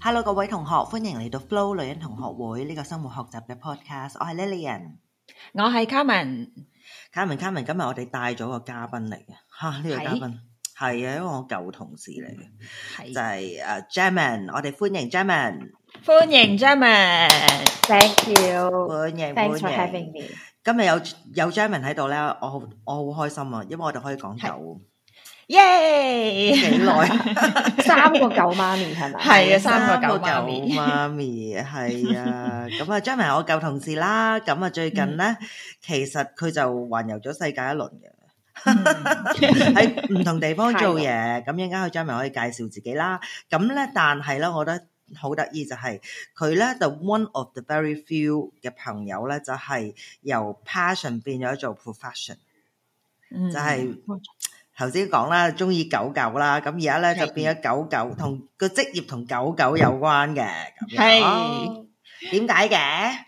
Hello，各位同學，歡迎嚟到 Flo 女人同學會呢個生活學習嘅 podcast。我係 Lillian，我係 Carmen，Carmen，Carmen。今日我哋帶咗個嘉賓嚟嘅。吓，呢個嘉賓係啊，因為我舊同事嚟嘅，就係誒 Jenmon，我哋歡迎 Jenmon，歡迎 Jenmon，thank you，歡迎，thanks for having me。今日有有 Jenmon 喺度咧，我我好開心啊，因為我哋可以講狗，耶！幾耐，三個狗媽咪係咪？係啊，三個狗媽咪係啊。咁啊，Jenmon 我舊同事啦，咁啊最近咧，其實佢就環遊咗世界一輪嘅。喺唔同地方做嘢，咁一陣間佢張明可以介紹自己啦。咁咧，但係咧，我覺得好得意就係佢咧，就 one of the very few 嘅朋友咧，就係由 passion 變咗做 profession。嗯，就係頭先講啦，鍾意狗狗啦，咁而家咧就變咗狗狗，同個職業同狗狗有關嘅。咁樣係，點解嘅？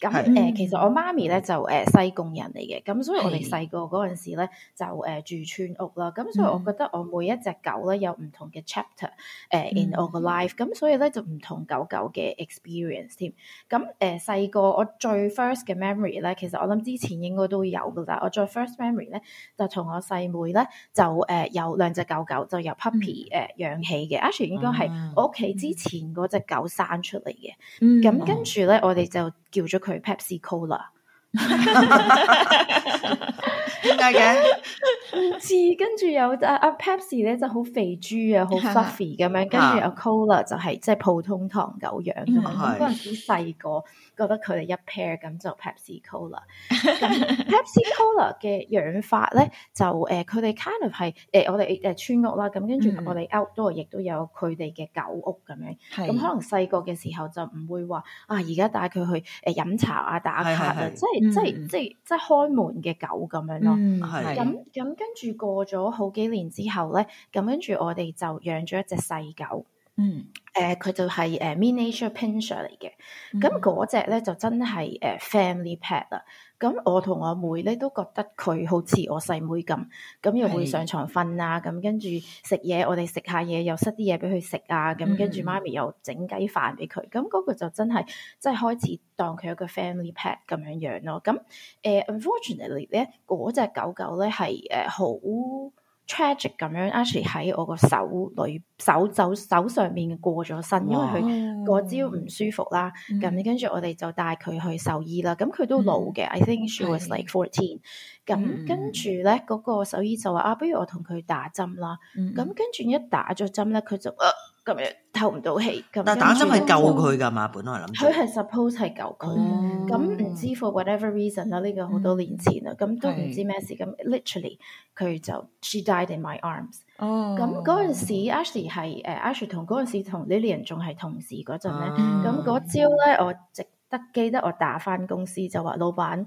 咁誒，嗯、其實我媽咪咧就誒西貢人嚟嘅，咁所以我哋細個嗰陣時咧就誒住村屋啦。咁所以我覺得我每一隻狗咧有唔同嘅 chapter 誒、呃、in a l life，l 咁所以咧就唔同狗狗嘅 experience 添。咁誒細個我最 first 嘅 memory 咧，其實我諗之前應該都有噶啦。我最 first memory 咧就同我細妹咧就誒、呃、有兩隻狗狗，就有 puppy 誒、呃、養起嘅。a c t u a l l y 應該係我屋企之前嗰隻狗生出嚟嘅。咁跟住咧我哋就。叫咗佢 Pepsi Cola，點解嘅？唔 似，跟住有阿阿 Pepsi 咧就好肥豬啊，好 fluffy 咁樣，跟住有 Cola 就係即係普通唐狗樣，嗰陣好細個。覺得佢哋一 pair 咁就 Pepsi Cola，咁 Pepsi Cola 嘅、si、Cola 養法咧 就誒佢哋 kind of 係誒、呃、我哋誒村屋啦，咁跟住我哋 outdoor 亦都有佢哋嘅狗屋咁樣，咁是可能細個嘅時候就唔會話啊而家帶佢去誒飲茶啊打卡啊，即係即係即係即係開門嘅狗咁樣咯。係咁咁跟住過咗好幾年之後咧，咁跟住我哋就養咗一隻細狗。Mm. 呃就是呃、嗯，誒佢就係誒 Miniature Pinscher 嚟嘅，咁嗰隻咧就真係誒、呃、family pet 啦。咁我同我妹咧都覺得佢好似我細妹咁，咁、嗯嗯嗯、又會上床瞓啊，咁、嗯嗯嗯嗯嗯、跟住食嘢，我哋食下嘢又塞啲嘢俾佢食啊，咁跟住媽咪又整雞飯俾佢，咁、嗯、嗰、那個就真係真係開始當佢一個 family pet 咁樣樣咯。咁、嗯、誒、呃、unfortunately 咧，嗰、那、隻、個、狗狗咧係誒好。Tragic 咁樣，actually 喺我個手裏、手肘、手上面過咗身，因為佢嗰招唔舒服啦。咁、oh. mm. 跟住我哋就帶佢去獸醫啦。咁佢都老嘅、mm.，I think she was like fourteen、mm.。咁跟住咧，嗰個獸醫就話：啊，不如我同佢打針啦。咁、mm. 跟住一打咗針咧，佢就。啊咁樣透唔到氣，咁但係打針係救佢㗎嘛？本來諗住佢係 suppose 係救佢，咁唔、嗯、知 for whatever reason 啦，呢個好多年前啦，咁、嗯、都唔知咩事，咁 literally 佢就 she died in my arms。哦，咁嗰陣時 Ashley 係誒 Ashley 同嗰陣時同 Lillian 仲係同事嗰陣咧，咁嗰朝咧我值得記得我打返公司就話老闆。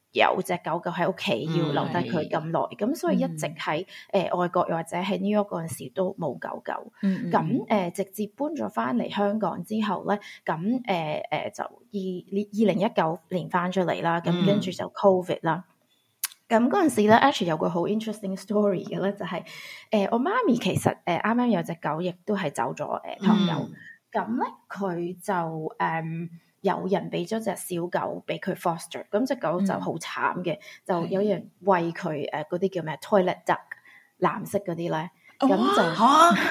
有隻狗狗喺屋企，要留低佢咁耐，咁、嗯、所以一直喺誒、嗯呃、外國，又或者喺 New York 嗰陣時都冇狗狗。咁誒、嗯呃、直接搬咗翻嚟香港之後咧，咁誒誒就二二零一九年翻出嚟啦。咁跟住就 Covid 啦。咁嗰陣時咧，Actually 有個好 interesting story 嘅咧、就係，就係誒我媽咪其實誒啱啱有隻狗，亦都係走咗誒朋友。咁咧佢就誒。嗯有人俾咗隻小狗俾佢 foster，咁隻狗就好慘嘅，嗯、就有人餵佢誒嗰啲叫咩 toilet duck，藍色嗰啲咧。咁就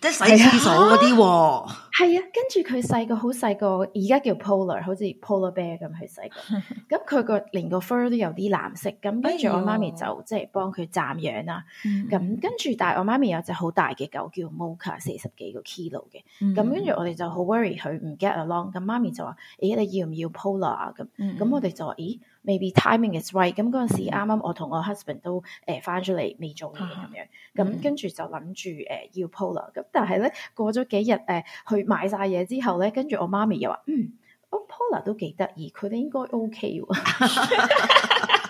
即係洗廁所嗰啲喎。係啊，跟住佢細個好細個，而家叫 Polar，好似 Polar Bear 咁佢細個。咁佢個連個 fur 都有啲藍色。咁跟住我媽咪就即係幫佢暫養啦。咁、哎、呦跟住但係我媽咪有隻好大嘅狗叫 Mocha，四十幾個 kilo 嘅。咁、嗯、跟住我哋就好 worry 佢唔 get along。咁媽咪就話：咦、欸，你要唔要 Polar 啊、嗯？咁咁我哋就話：咦、嗯。maybe timing is right 咁嗰陣時啱啱我同我 husband 都誒翻出嚟未做嘢咁樣，咁跟住就諗住誒要 Pola，r 咁，但係咧過咗幾日誒去買晒嘢之後咧，跟住我媽咪又話：嗯，我 Pola r 都幾得意，佢哋應該 OK 喎。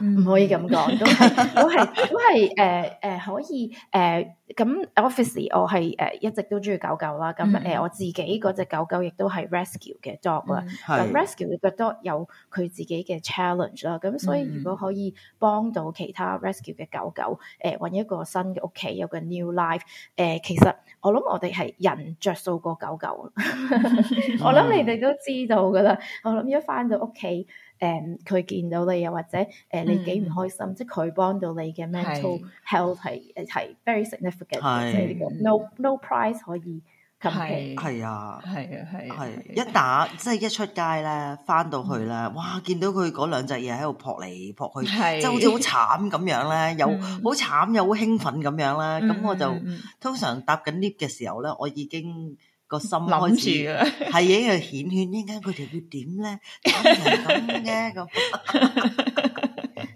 唔 可以咁講，都係都係都係誒誒可以誒咁 obviously 我係誒、呃、一直都中意狗狗啦，咁誒、嗯呃、我自己嗰隻狗狗亦都係 rescue 嘅 dog 啦，咁 rescue 嘅 dog 有佢自己嘅 challenge 啦，咁所以如果可以幫到其他 rescue 嘅狗狗，誒、呃、揾一個新嘅屋企，有個 new life，誒、呃、其實我諗我哋係人着數過狗狗， 我諗你哋都知道噶啦，我諗一翻到屋企。誒佢見到你又或者誒你幾唔開心，即係佢幫到你嘅 mental health 係係 very significant，即係呢個 no no price 可以咁樣，係啊，係啊，係係一打即係一出街咧，翻到去咧，哇，見到佢嗰兩隻嘢喺度撲嚟撲去，即係好似好慘咁樣咧，有好慘又好興奮咁樣咧，咁我就通常搭緊 lift 嘅時候咧，我已經，個心諗住，係一樣鮮血呢間佢哋會點咧？咁嘅咁，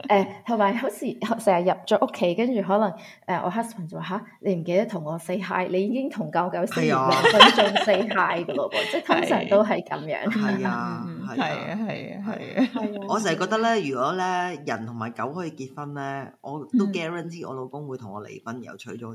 誒，係咪？同埋好似成日入咗屋企，跟住可能，誒，我 husband 就話：吓，你唔記得同我 say hi？你已經同狗狗 say hi，分分鐘 say hi 嘅喎，即係通常都係咁樣。係啊，係啊，係啊，係啊！我成日覺得咧，如果咧人同埋狗可以結婚咧，我都 guarantee 我老公會同我離婚，又娶咗。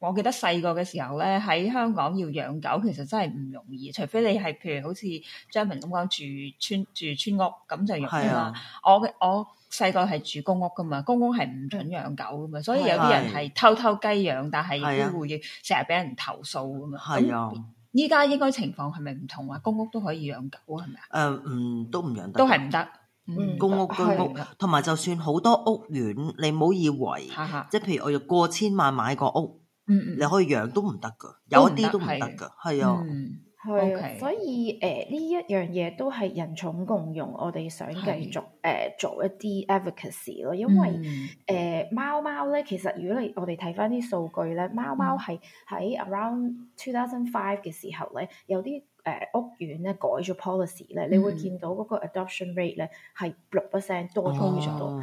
我記得細個嘅時候咧，喺香港要養狗其實真係唔容易，除非你係譬如好似 Jenmon 咁講住村住村屋咁就容易啦。嗯、我嘅我細個係住公屋㗎嘛，公屋係唔准養狗㗎嘛，所以有啲人係偷偷雞養，但係又會成日俾人投訴㗎嘛。係啊！依家應該情況係咪唔同啊？公屋都可以養狗啊？係咪啊？誒唔、呃嗯、都唔養得，都係唔得。嗯、公屋居得屋，同埋就算好多屋苑，你唔好以為，即係 譬如我用過千萬買個屋。嗯，你可以養都唔得㗎，有一啲都唔得㗎，係啊，係，所以誒呢、呃、一樣嘢都係人寵共融，我哋想繼續誒的、呃、做一啲 advocacy 咯，因為誒貓貓咧，其實如果你我哋睇返啲數據咧，貓貓係喺 around two thousand five 嘅時候咧，有啲誒、呃、屋苑咧改咗 policy 咧、嗯，你會見到嗰個 adoption rate 咧係六 percent 多咗。要、oh.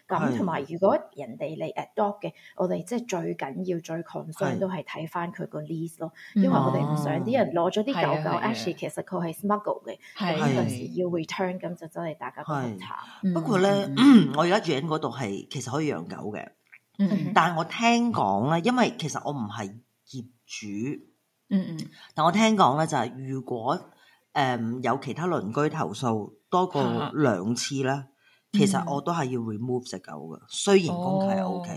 咁同埋，如果人哋嚟 adopt 嘅，我哋即係最緊要、最 concern 都係睇翻佢個 lease 咯，因為我哋唔想啲人攞咗啲狗狗，actually 其實佢係 smuggle 嘅，咁有陣時要 return，咁就真係大家去查。不過咧，我而家住喺嗰度係其實可以養狗嘅，但係我聽講咧，因為其實我唔係業主，嗯嗯，但我聽講咧就係如果誒有其他鄰居投訴多過兩次咧。其實我都係要 remove 隻狗嘅，雖然公契 O K，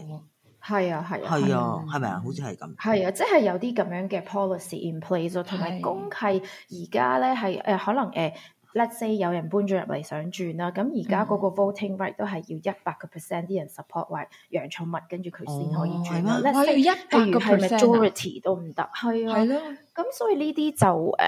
係啊係啊係啊，係咪啊？好似係咁，係啊，即係有啲咁樣嘅 policy in place 咯，同埋公契而家咧係誒可能誒、呃、let say 有人搬咗入嚟想轉啦，咁而家嗰個 voting right 都係要一百個 percent 啲人 support 餵養寵物，跟住佢先可以轉啦。例如一百個 p e r c e n 都唔得，係啊。咁所以呢啲就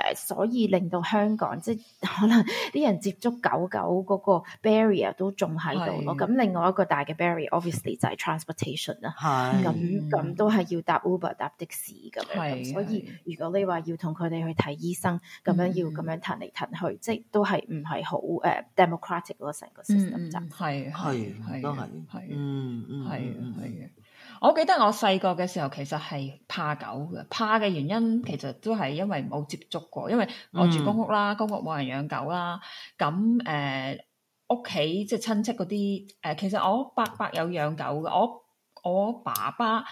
誒，所以令到香港即係、就是、可能啲人接觸狗狗嗰個 barrier 都仲喺度咯。咁是另外一個大嘅 barrier，obviously 就係 transportation 啦。係是。咁咁都係要搭 Uber 搭的士咁樣。係。是所以如果你話要同佢哋去睇醫生，咁樣要咁樣騰嚟騰去，即係都係唔係好誒 democratic 咯？成個 system。係係都係係嗯嗯係嘅係嘅。我記得我細個嘅時候其實係怕狗嘅，怕嘅原因其實都係因為冇接觸過，因為我住公屋啦，公屋冇人養狗啦。咁誒，呃、屋企即係親戚嗰啲誒，其實我伯伯有養狗嘅，我我爸爸。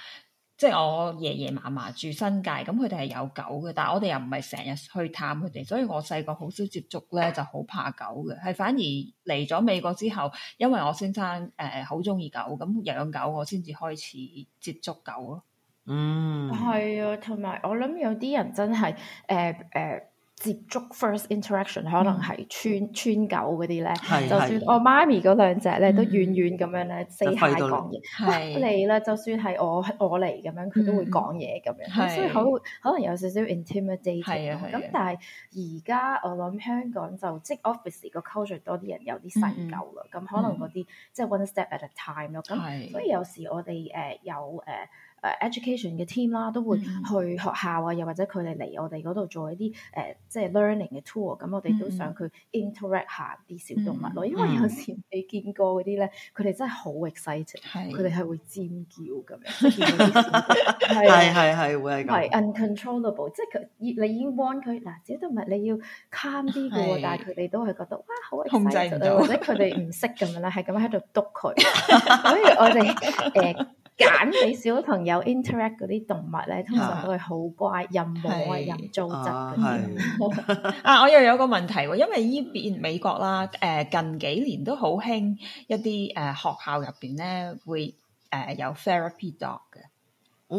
即係我爺爺嫲嫲住新界，咁佢哋係有狗嘅，但係我哋又唔係成日去探佢哋，所以我細個好少接觸咧，就好怕狗嘅。係反而嚟咗美國之後，因為我先生誒好中意狗，咁養狗我先至開始接觸狗咯。嗯，係啊，同埋我諗有啲人真係誒誒。呃呃接觸 first interaction 可能係串串狗嗰啲咧，就算我媽咪嗰兩隻咧都遠遠咁樣咧 say hi 講嘢，你咧就算係我我嚟咁樣佢都會講嘢咁樣，所以好可能有少少 intimidating。咁但係而家我諗香港就即 office 個 culture 多啲人有啲細狗啦，咁可能嗰啲即 one step at a time 咯，咁所以有時我哋誒有誒。education 嘅 team 啦，都會去學校啊，又或者佢哋嚟我哋嗰度做一啲誒，即係 learning 嘅 tour。咁我哋都想佢 interact 下啲小動物咯，因為有時你見過嗰啲咧，佢哋真係好 excited，佢哋係會尖叫咁樣。係、係、係會係咁。係 uncontrollable，即係你已經幫佢嗱小動物，你要 calm 啲嘅，但係佢哋都係覺得哇好，excited 控制唔到，或者佢哋唔識咁樣咧，係咁喺度督佢。所以我哋誒。揀俾 小朋友 interact 嗰啲動物咧，通常都係好乖、 是任摸啊、任觸執啊，我又有個問題喎，因為依邊美國啦，誒、呃、近幾年都好興一啲誒、呃、學校入邊咧會誒、呃、有 therapy dog 嘅。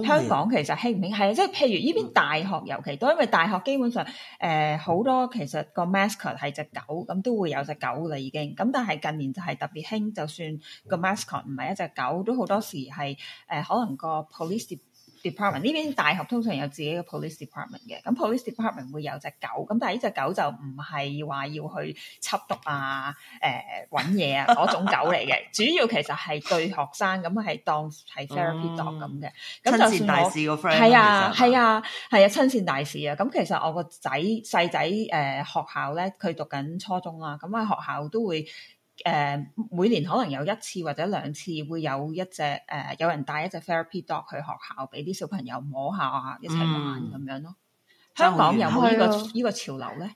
香港其實興唔興係啊？即係譬如呢邊大學尤其都因為大學基本上誒好、呃、多其實個 mascot 係隻狗咁，都會有隻狗啦已經。咁但係近年就係特別興，就算個 mascot 唔係一隻狗，都好多時係誒、呃、可能個 police department 呢邊大學通常有自己嘅 police department 嘅，咁 police department 會有隻狗，咁但係呢隻狗就唔係話要去緝毒啊、誒搵嘢啊嗰種狗嚟嘅， 主要其實係對學生咁係當係 therapy dog 咁嘅。咁、嗯、就算我親善大使個 friend 係啊係啊係啊，啊親善大使啊，咁其實我個仔細仔誒學校咧，佢讀緊初中啦、啊，咁喺學校都會。誒、uh, 每年可能有一次或者兩次，會有一隻誒、uh, 有人帶一隻 therapy dog 去學校，俾啲小朋友摸下，啊一齊玩咁、嗯、樣咯、哦。香港有冇呢、呢個呢、嗯、個潮流咧？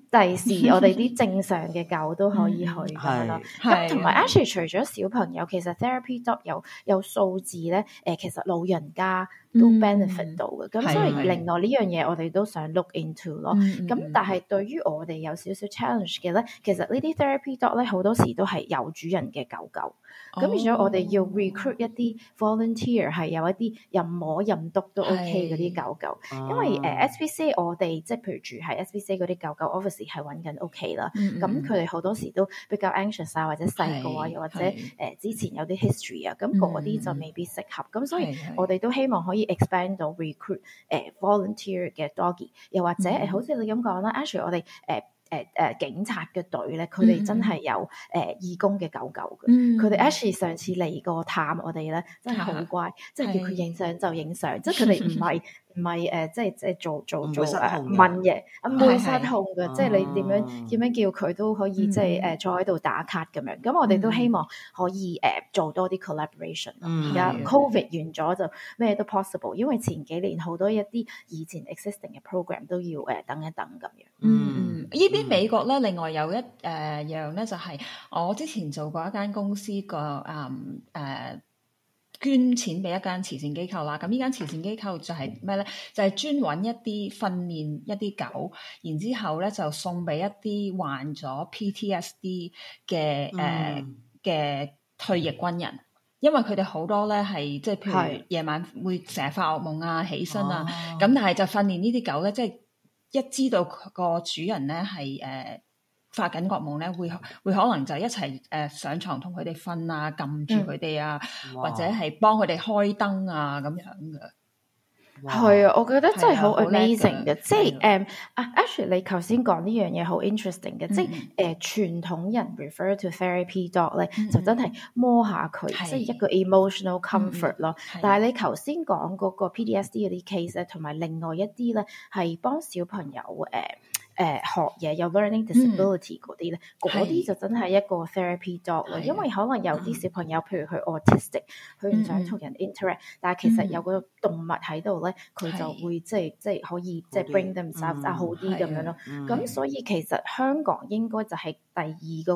第時我哋啲正常嘅狗都可以去咁，咁同埋 Ashley 除咗小朋友，其實 therapy dog 有有數字咧，其實老人家。都 benefit 到嘅，咁所以另外呢樣嘢我哋都想 look into 咯。咁但係對於我哋有少少 challenge 嘅咧，其實呢啲 therapy dog 咧好多時都係有主人嘅狗狗。咁變咗我哋要 recruit 一啲 volunteer 係有一啲任摸任督都 OK 嗰啲狗狗，因為誒 SPCA 我哋即係譬如住喺 SPCA 啲狗狗，office 係揾緊屋企啦。咁佢哋好多時都比較 anxious 啊，或者細個啊，又或者誒之前有啲 history 啊，咁嗰啲就未必適合。咁所以我哋都希望可以。expand 到 recruit 誒、uh, volunteer 嘅 doggy，又或者誒好似你咁講啦，actually，我哋誒誒誒警察嘅隊咧，佢哋真係有誒義工嘅狗狗嘅，佢哋 actually 上次嚟過探我哋咧，真係好乖，即係叫佢影相就影相，即係佢哋唔係。唔係誒，即係即係做做做誒問墢，唔會失控嘅，即係、啊啊、是你點樣點樣、哦、叫佢都可以，嗯、即係誒坐喺度打卡咁樣。咁我哋都希望可以誒、呃、做多啲 collaboration。而家 covid 完咗就咩都 possible，因為前幾年好多一啲以前 existing 嘅 program 都要誒、呃、等一等咁樣。嗯嗯，呢、嗯、邊美國咧，另外有一誒、uh, 樣咧，就係、是、我之前做過一間公司個嗯誒。Um, uh, 捐錢俾一間慈善機構啦，咁呢間慈善機構就係咩咧？就係專揾一啲訓練一啲狗，然之後咧就送俾一啲患咗 PTSD 嘅誒嘅退役軍人，因為佢哋好多咧係即係譬如夜晚會成日發噩夢啊、起身啊，咁、哦、但係就訓練呢啲狗咧，即係一知道個主人咧係誒。呃發緊惡夢咧，會會可能就一齊誒上床同佢哋瞓啊，撳住佢哋啊，或者係幫佢哋開燈啊咁樣嘅。係啊，我覺得真係好 amazing 嘅，即係誒啊 Ashley，你頭先講呢樣嘢好 interesting 嘅，即係誒傳統人 refer to therapy dog 咧，就真係摸下佢，即係一個 emotional comfort 咯。但係你頭先講嗰個 PDSD 嗰啲 case 咧，同埋另外一啲咧係幫小朋友誒。誒學嘢有 learning disability 嗰啲咧，嗰啲就真係一個 therapy dog 咯，因為可能有啲小朋友，譬如佢 autistic，佢唔想同人 interact，但係其實有個動物喺度咧，佢就會即係即係可以即係 bring themselves 好啲咁樣咯。咁所以其實香港應該就係第二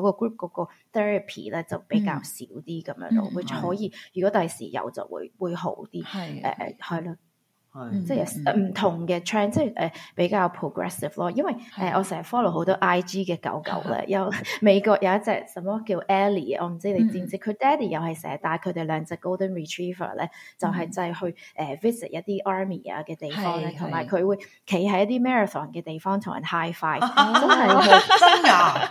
嗰個 group 嗰個 therapy 咧就比較少啲咁樣咯，會可以如果第時有就會會好啲，誒係咯。即係唔同嘅 trend 即係誒比較 progressive 咯。因為誒我成日 follow 好多 IG 嘅狗狗咧,有美國有一隻什麼叫 Ellie，我唔知你知唔知？佢 Daddy 又係成日帶佢哋兩隻 Golden Retriever 咧，就係就係去誒 visit 一啲 Army 啊嘅地方咧，同埋佢會企喺一啲 marathon 嘅地方同人 high five，真係真噶！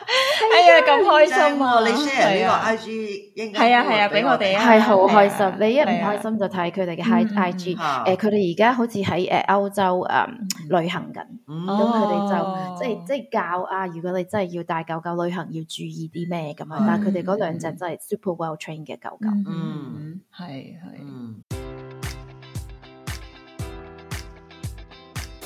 哎呀咁開心啊！你 share 呢個 IG，應該係啊係啊，俾我哋啊，係好開心。你一唔開心就睇佢哋嘅 high IG，誒佢哋而家。好似喺誒歐洲誒、um, 旅行緊，咁佢哋就即係即係教啊！如果你真係要帶狗狗旅行，要注意啲咩咁啊？但係佢哋嗰兩隻真係 super well trained 嘅狗狗，嗯，係係。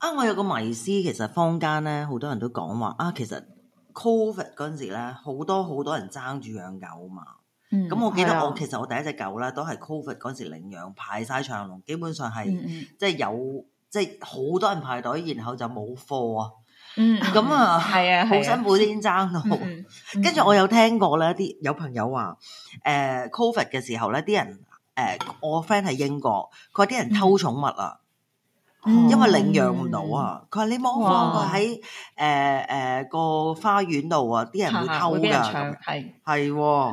啊！我有個迷思，其實坊間咧好多人都講話啊，其實 Covid 嗰陣時咧，好多好多人爭住養狗嘛。咁我記得我其實我第一隻狗咧都係 Covid 嗰陣時領養，排晒長龍，基本上係即係有即係好多人排隊，然後就冇貨啊。咁啊，係啊，好辛苦先人爭到。跟住我有聽過咧，啲有朋友話誒 Covid 嘅時候咧，啲人誒我 friend 喺英國，佢話啲人偷寵物啊。因為領養唔到啊，佢話你望放佢喺誒誒個花園度啊，啲人會偷噶係係係啊，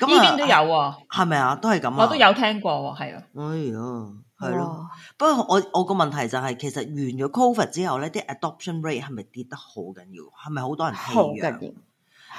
咁呢邊都有啊，係咪啊？都係咁啊，我都有聽過，係啊，哎呀，係咯。不過我我個問題就係，其實完咗 COVID 之後咧，啲 adoption rate 係咪跌得好緊要？係咪好多人棄養？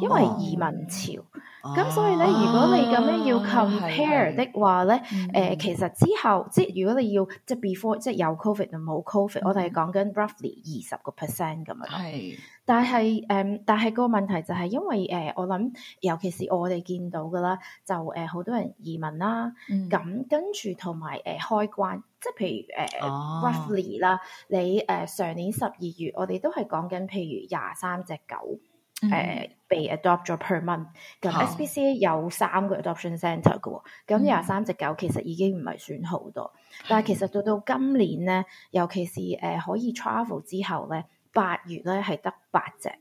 因為移民潮，咁所以咧，如果你咁樣要 compare 的話咧，誒，其實之後，即係如果你要即係 before 即係有 covid 同冇 covid，我哋係講緊 roughly 二十個 percent 咁樣。係，但係誒，但係個問題就係因為誒，我諗尤其是我哋見到㗎啦，就誒好多人移民啦，咁跟住同埋誒開關，即係譬如誒 roughly 啦，你誒上年十二月，我哋都係講緊譬如廿三隻狗。誒、mm hmm. 呃，被 adopt 咗 per month，咁 SPCA 有三個 adoption center 嘅、哦，咁廿三隻狗其實已經唔係算好多，mm hmm. 但係其實到到今年咧，尤其是誒、呃、可以 travel 之後咧，八月咧係得八隻，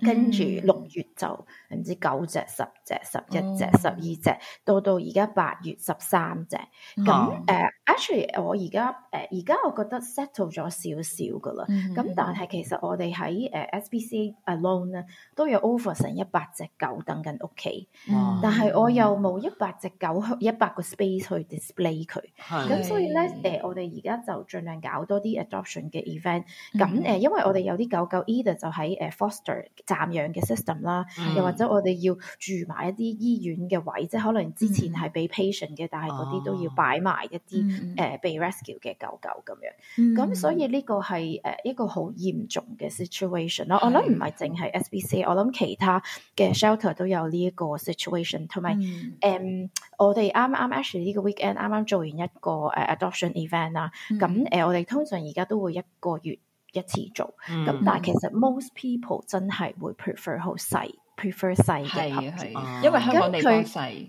跟住六。月就唔知九隻十隻十一隻十二隻，到到而家八月十三隻，咁誒、mm hmm. 呃、actually 我而家誒而家我覺得 settle 咗少少噶啦。咁、mm hmm. 但係其實我哋喺誒 SBC alone 咧都有 over 成一百隻狗等緊屋企，mm hmm. 但係我又冇一百隻狗一百個 space 去 display 佢。咁、mm hmm. 所以咧誒、呃、我哋而家就盡量搞多啲 adoption 嘅 event。咁誒、呃、因為我哋有啲狗狗，either 就喺誒、呃、foster 暫養嘅 system。啦，又、mm hmm. 或者我哋要住埋一啲醫院嘅位，即係可能之前係被 patient 嘅，mm hmm. 但係嗰啲都要擺埋一啲誒、mm hmm. 呃、被 rescue 嘅狗狗咁樣。咁、mm hmm. 所以呢個係誒、呃、一個好嚴重嘅 situation 咯。我諗唔係淨係 SBC，我諗其他嘅 shelter 都有呢一個 situation。同埋誒，我哋啱啱 actually 呢個 weekend 啱啱做完一個誒 adoption event 啊、mm，咁、hmm. 誒、呃、我哋通常而家都會一個月，一次做，咁但係其實 most people 真係會 prefer 好細，prefer 細嘅鴨、嗯、因為香港地方細，係、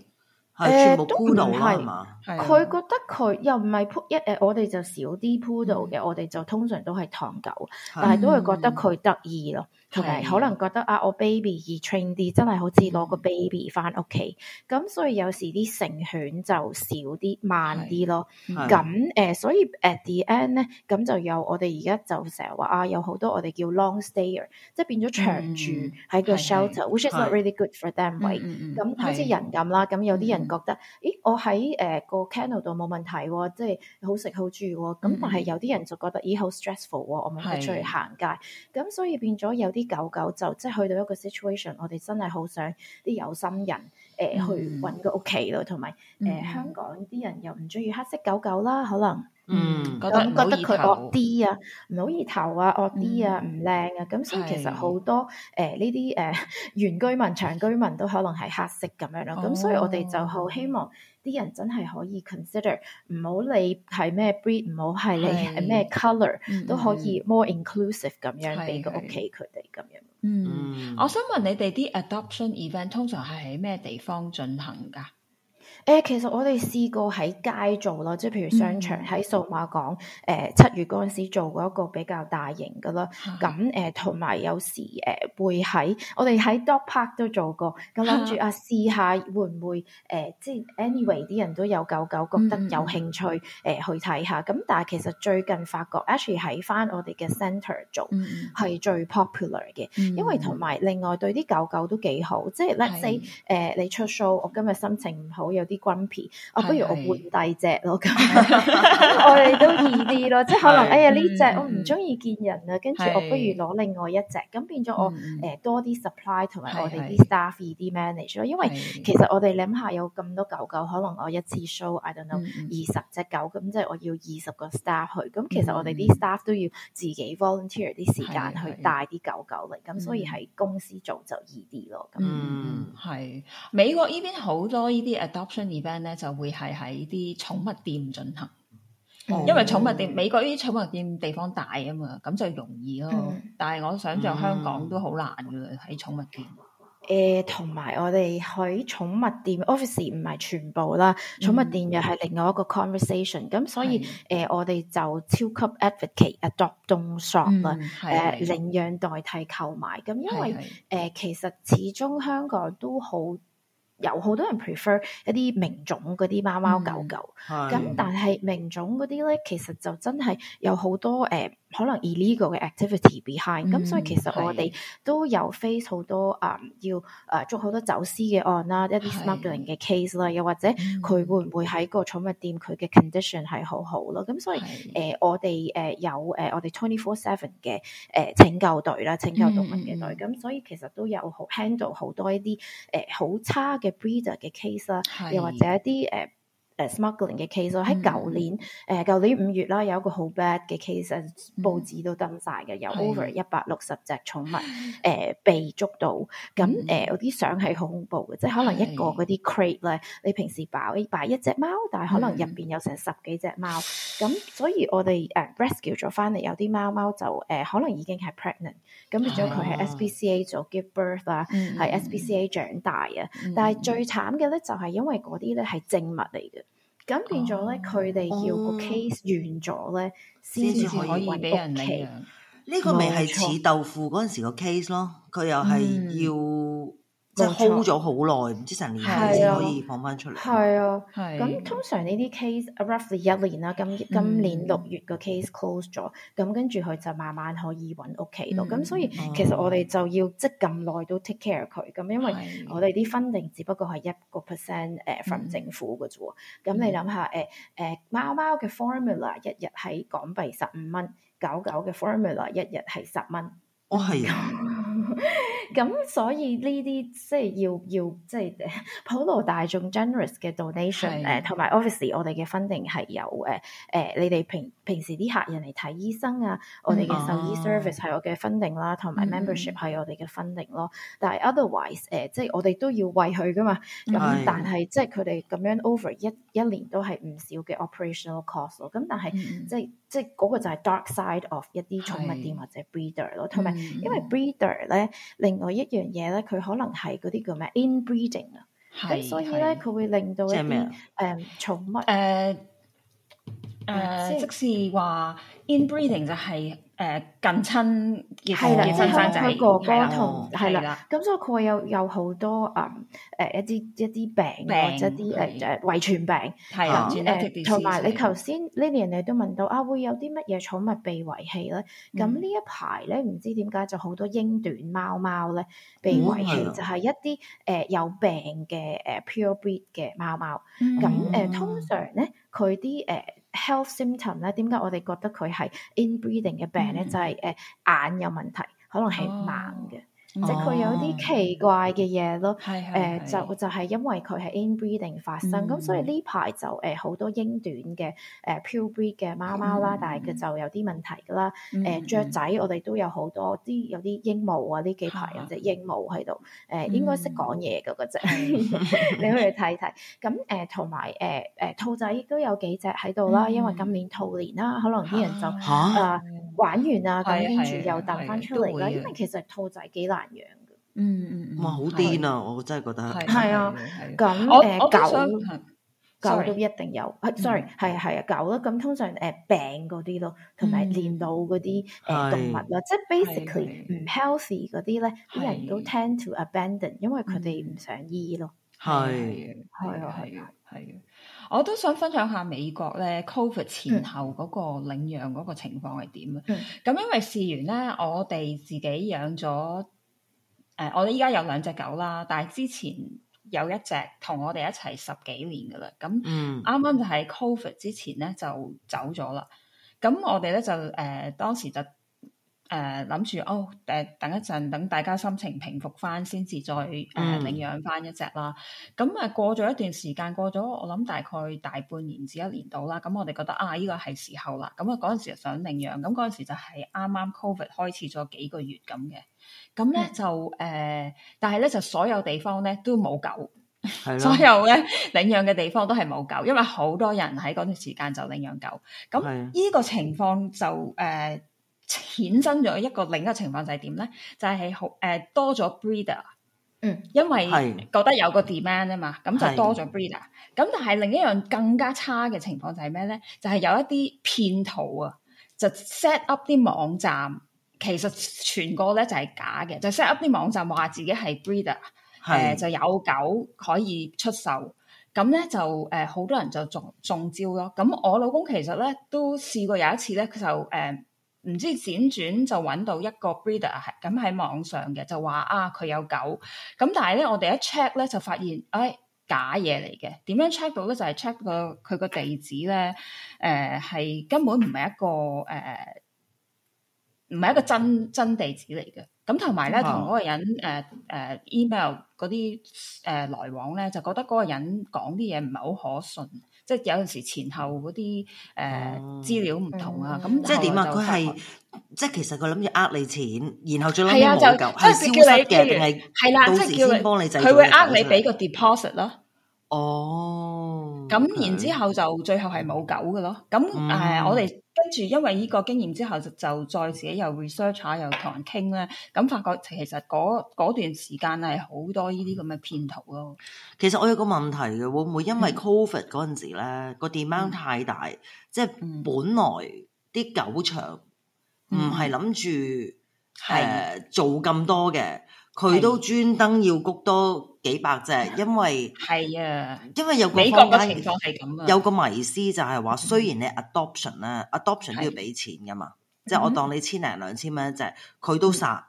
呃、全部 poodle 嘛、呃？佢的覺得佢又唔係一，誒，我哋就少啲 poodle 嘅，嗯、我哋就通常都係唐狗，的但係都係覺得佢得意咯。 同埋可能覺得啊，我 baby 易 train 啲，真係好似攞個 baby 返屋企，咁所以有時啲成犬就少啲慢啲咯。咁誒，所以 at the end 咧，咁就有我哋而家就成日話啊，有好多我哋叫 long stayer，即係變咗長住喺個 shelter，which is not really good for them。咁好似人咁啦，咁有啲人覺得，咦，我喺誒個 kennel 度冇問題，即係好食好住，咁但係有啲人就覺得，咦，好 stressful，我冇得出去行街，咁所以變咗有啲。狗狗就即係去到一個 situation，我哋真係好想啲有心人誒、呃、去揾個屋企咯，同埋誒香港啲人又唔中意黑色狗狗啦，可能。嗯，咁、嗯、覺得佢惡啲啊，唔好意頭啊，惡啲啊，唔靚啊，咁、嗯啊、所以其實好多誒呢啲誒原居民長居民都可能係黑色咁樣咯，咁、哦、所以我哋就好希望啲人真係可以 consider 唔好理係咩 breed，唔好係你係咩 color，的都可以 more inclusive 咁樣俾個屋企佢哋咁樣。嗯，嗯我想問你哋啲 adoption event 通常係喺咩地方進行㗎？誒、欸，其實我哋試過喺街做咯，即係譬如商場喺數碼港。誒、呃，七月嗰陣時做過一個比較大型嘅咯。咁誒，同、呃、埋有時誒、呃、會喺我哋喺 dog park 都做過。咁諗住啊，試下會唔會誒，即、呃、係 anyway 啲人都有狗狗覺得有興趣誒、呃、去睇下。咁但係其實最近發覺，actually 喺翻我哋嘅 centre 做係、嗯、最 popular 嘅。嗯、因為同埋另外對啲狗狗都幾好，即係 let's say 誒你出 show，我今日心情唔好有啲。均皮，我、啊、不如我換第隻咯，咁 我哋都易啲咯，即係可能 哎呀呢隻我唔中意見人啊，跟住我不如攞另外一隻，咁變咗我誒 多啲 supply 同埋我哋啲 staff 易啲 manage 咯，因為其實我哋諗下有咁多狗狗，可能我一次 show，I don't know 二十隻狗，咁即係我要二十個 staff 去，咁其實我哋啲 staff 都要自己 volunteer 啲時間去帶啲狗狗嚟。咁所以喺公司做就易啲咯，嗯，係 美國依邊好多呢啲 adoption。e 咧就會係喺啲寵物店進行，因為寵物店，美國啲寵物店地方大啊嘛，咁就容易咯。嗯嗯、但係我想象香港都好難㗎喎，喺寵物店。誒，同埋我哋喺寵物店 office 唔係全部啦，寵物店又係另外一個 conversation。咁、嗯、所以誒的、呃，我哋就超級 advocate adopt don't shop 啊，誒，領養代替購買。咁因為誒的、呃，其實始終香港都好，有好多人 prefer 一啲名種嗰啲貓貓狗狗，咁、嗯、但係名種嗰啲咧，其實就真係有好多誒。呃可能 illegal 嘅 activity behind，咁、嗯、所以其實我哋是都有 face 好多、呃、啊，要啊捉好多走私嘅案啦，是一啲 smuggling 嘅 case 啦、嗯，又或者佢會唔會喺個寵物店佢嘅 condition 係好好咯？咁所以誒是、呃、我哋誒、呃、有誒、呃、我哋 twenty four seven 嘅誒拯救隊啦，拯救動物嘅隊，咁、嗯嗯、所以其實都有好 handle 好多一啲誒好差嘅 breeder 嘅 case 啦是，又或者一啲誒。smuggling 嘅 case，喺舊年誒舊年五月啦，有一個好 bad 嘅 case，報紙都登晒嘅，有 over 一百六十隻寵物誒被捉到，咁誒有啲相係好恐怖嘅，即係可能一個嗰啲 crate 咧，你平時擺擺一隻貓，但係可能入邊有成十幾隻貓，咁所以我哋誒 rescue 咗翻嚟，有啲貓貓就誒可能已經係 pregnant，咁變咗佢係 SPCA 做 give birth 啊，係 SPCA 長大啊，但係最慘嘅咧就係因為嗰啲咧係證物嚟嘅。咁變咗咧，佢哋、哦嗯、要個 case 完咗咧，先至可以俾人起。呢個咪係似豆腐嗰陣時個 case 咯，佢又係要。嗯即係 hold 咗好耐，唔知成年可以放翻出嚟。係啊，咁通常呢啲 case roughly 一年啦。今今年六月個 case close 咗，咁跟住佢就慢慢可以揾屋企囉。咁所以其實我哋就要即咁耐都 take care 佢。咁因為我哋啲 funding 只不過係一個 percent 誒 from 政府嘅啫。咁你諗下，誒誒貓貓嘅 formula 一日係港幣十五蚊，狗狗嘅 formula 一日係十蚊。哦係啊，咁所以呢啲即係要要即係誒普羅大眾 generous 嘅 donation 誒同埋 obviously 我哋嘅 funding 係有誒誒、呃、你哋平平時啲客人嚟睇醫生啊，我哋嘅獸醫 service 係我嘅 funding 啦，同埋 membership 係我哋嘅 funding 咯。但係 otherwise 誒、呃、即係我哋都要餵佢噶嘛。咁、嗯、的但係即係佢哋咁樣 over 一一年都係唔少嘅 operational cost 咯。咁但係、嗯、即係即係個就係 dark side of 一啲寵物店的或者 breeder 咯，同埋的。 因為 breeder 咧，另外一樣嘢咧，佢可能係嗰啲叫咩 inbreeding 啊，咁是所以咧，佢是會令到一啲誒寵物誒誒，即是話 inbreeding 就係、是。誒，近親結係啦，即係佢哥哥同係啦，咁所以佢有有好多啊，誒一啲一啲病，一啲誒誒遺傳病，係啦，同埋你頭先 Lily 你都問到啊，會有啲乜嘢寵物被遺棄咧？咁呢一排咧，唔知點解就好多英短貓貓咧被遺棄，就係一啲誒有病嘅誒 pure breed 嘅貓貓，咁誒通常咧佢啲誒，health symptom 咧，點解我哋覺得佢係 inbreeding 嘅病咧？就係誒眼有問題，可能係盲嘅。即係佢有啲奇怪嘅嘢咯，誒就就係因為佢係 inbreeding 發生，咁所以呢排就誒好多英短嘅誒 pure breed 嘅貓貓啦，但係佢就有啲問題噶啦，誒雀仔我哋都有好多啲有啲鸚鵡啊，呢幾排有隻鸚鵡喺度，誒應該識講嘢嘅嗰隻，你去睇睇。咁誒同埋誒誒兔仔都有幾隻喺度啦，因為今年兔年啦，可能啲人就誒。玩完啊，咁跟住又掟翻出嚟啦，因為其實兔仔幾難養嘅。嗯嗯嗯哇，好癲啊！我真係覺得。係啊，咁誒狗，狗都一定有。sorry，係啊係啊，狗咯。咁通常誒病嗰啲咯，同埋練到嗰啲動物啦，即係 basically 唔 healthy 嗰啲咧，啲人都 tend to abandon，因為佢哋唔想醫咯。係係啊係啊係啊！我都想分享下美國咧，Covid 前後嗰個領養嗰個情況係點啊？咁、嗯、因為事完咧，我哋自己養咗誒、呃，我哋依家有兩隻狗啦，但係之前有一隻同我哋一齊十幾年㗎喇，咁啱啱就喺 Covid 之前咧就走咗啦，咁我哋咧就誒、呃、當時就。誒，諗住、呃、哦，誒、呃，等一陣，等大家心情平復翻，先至再誒、呃、領養翻一隻啦。咁啊、嗯嗯，過咗一段時間，過咗我諗大概大半年至一年度啦。咁、嗯、我哋覺得啊，呢個係時候啦。咁、嗯、啊，嗰陣時想領養，咁嗰陣時就係啱啱 Covid 開始咗幾個月咁嘅。咁咧就誒，但係咧就所有地方咧都冇狗，的所有咧領養嘅地方都係冇狗，因為好多人喺嗰段時間就領養狗。咁、嗯、呢、嗯、個情況就誒。呃呃呃呃呃呃呃衍生咗一個另一個情況就係點咧？就係好誒多咗 breeder，嗯，因為覺得有個 demand 啊嘛，咁是就多咗 breeder。咁但係另一樣更加差嘅情況就係咩咧？就係、是、有一啲騙徒啊，就 set up 啲網站，其實全個咧就係、是、假嘅，就 set up 啲網站話自己係 breeder，誒是、呃、就有狗可以出售。咁咧就誒好、呃、多人就中中招咯。咁我老公其實咧都試過有一次咧，佢就誒。呃唔知輾轉就揾到一個 breeder 係咁喺網上嘅，就話啊佢有狗，咁但係咧我哋一 check 咧就發現，唉、哎、假嘢嚟嘅。點樣 check 到咧？就係 check 個佢個地址咧，誒、呃、係根本唔係一個誒唔係一個真真地址嚟嘅。咁同埋咧同嗰個人誒誒、呃呃、email 嗰啲誒來往咧，就覺得嗰個人講啲嘢唔係好可信。即係有陣時前後嗰啲誒資料唔同啊，咁、嗯、即係點啊？佢係即係其實佢諗住呃你錢，然後再攞啲係消失嘅定係係啦，即係叫你幫你製作佢會呃你俾個 deposit 咯。哦。咁 Okay. 然之後就最後係冇狗嘅咯。咁誒、嗯，我哋跟住因為呢個經驗之後，就就再自己又 research 下，又同人傾咧。咁發覺其實嗰段時間係好多呢啲咁嘅騙徒咯、嗯。其實我有個問題嘅，會唔會因為 Covid 嗰陣時咧，個 demand 太大，嗯、即係本來啲狗場唔係諗住係做咁多嘅？佢都專登要谷多幾百隻，因為係啊，因為有個美國嘅情況係咁啊，有個迷思就係話，嗯、雖然你 adoption, adoption 咧，adoption 都要俾錢噶嘛，即係我當你千零兩千蚊一隻，佢都殺，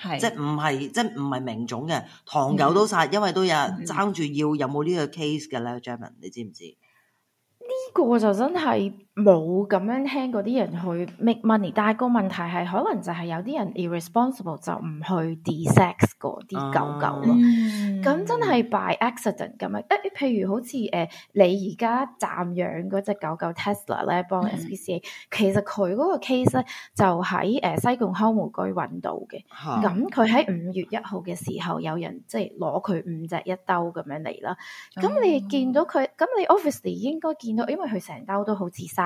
係、嗯、即係唔係即係唔係名種嘅唐狗都殺，是因為都有爭住是要有冇呢個 case 嘅咧，Jenmon 你知唔知？呢個就真係。冇咁樣聽嗰啲人去 make money，但係個問題係可能就係有啲人 irresponsible 就唔去 desex 嗰啲狗狗咯，咁、啊嗯、真係 by accident 咁啊！誒、欸、譬如好似誒、呃、你而家暫養隻狗狗 Tesla 咧幫 SPCA，、嗯、其實佢個 case 咧就喺誒、呃、西貢康湖居揾到嘅，咁佢喺五月一號嘅時候有人即係攞佢五隻一兜咁樣嚟啦，咁、嗯、你見到佢，咁你 obviously 應該見到，因為佢成兜都好似生。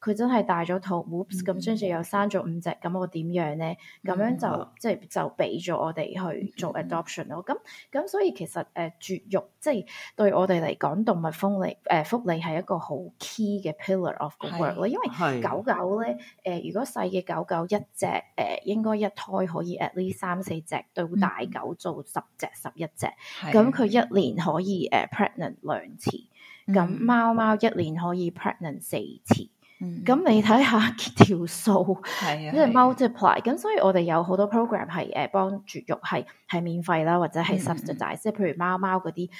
佢真係大咗肚，oops！咁跟住又生咗五隻，咁我點樣咧？咁樣就即係、mm hmm. 就俾咗我哋去做 adoption 咯。咁咁所以其實誒、呃、絕育即係、就是、對我哋嚟講動物福利、呃、福利誒福利係一個好 key 嘅 pillar of the world 咯。因為狗狗咧誒、呃，如果細嘅狗狗一隻誒、呃，應該一胎可以 at least 三四隻，對大狗做十隻十一隻。咁佢、mm hmm. 一年可以誒、呃、是 pregnant 兩次，咁貓貓一年可以 pregnant 四次。咁、嗯、你睇下條數，因為 multiply。咁的所以我哋有好多 program 係誒幫絕育係係免費啦，或者係 subsidize、嗯嗯。即係譬如貓貓嗰啲誒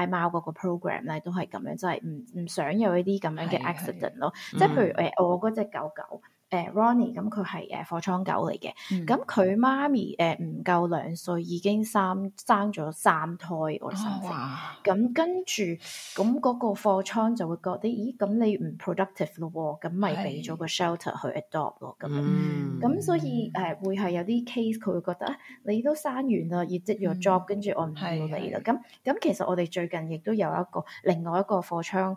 街貓嗰個 program 咧，都係咁樣，即係唔唔想有呢啲咁樣嘅 accident 咯。即係的譬如誒、嗯呃，我嗰隻狗狗。誒 Ronnie 咁佢係誒貨倉狗嚟嘅，咁佢媽咪誒唔夠兩歲已經生生咗三胎我諗，咁、啊、跟住咁嗰個貨倉就會覺得，咦咁你唔 productive 咯喎，咁咪俾咗個 shelter 去 adopt 咯咁，咁、mm. 嗯、所以誒、嗯嗯、會係有啲 case 佢會覺得，你都生完啦，要 you、嗯、did your job，跟住我唔要你啦，咁咁的其實我哋最近亦都有一個另外一個，另外一個貨倉。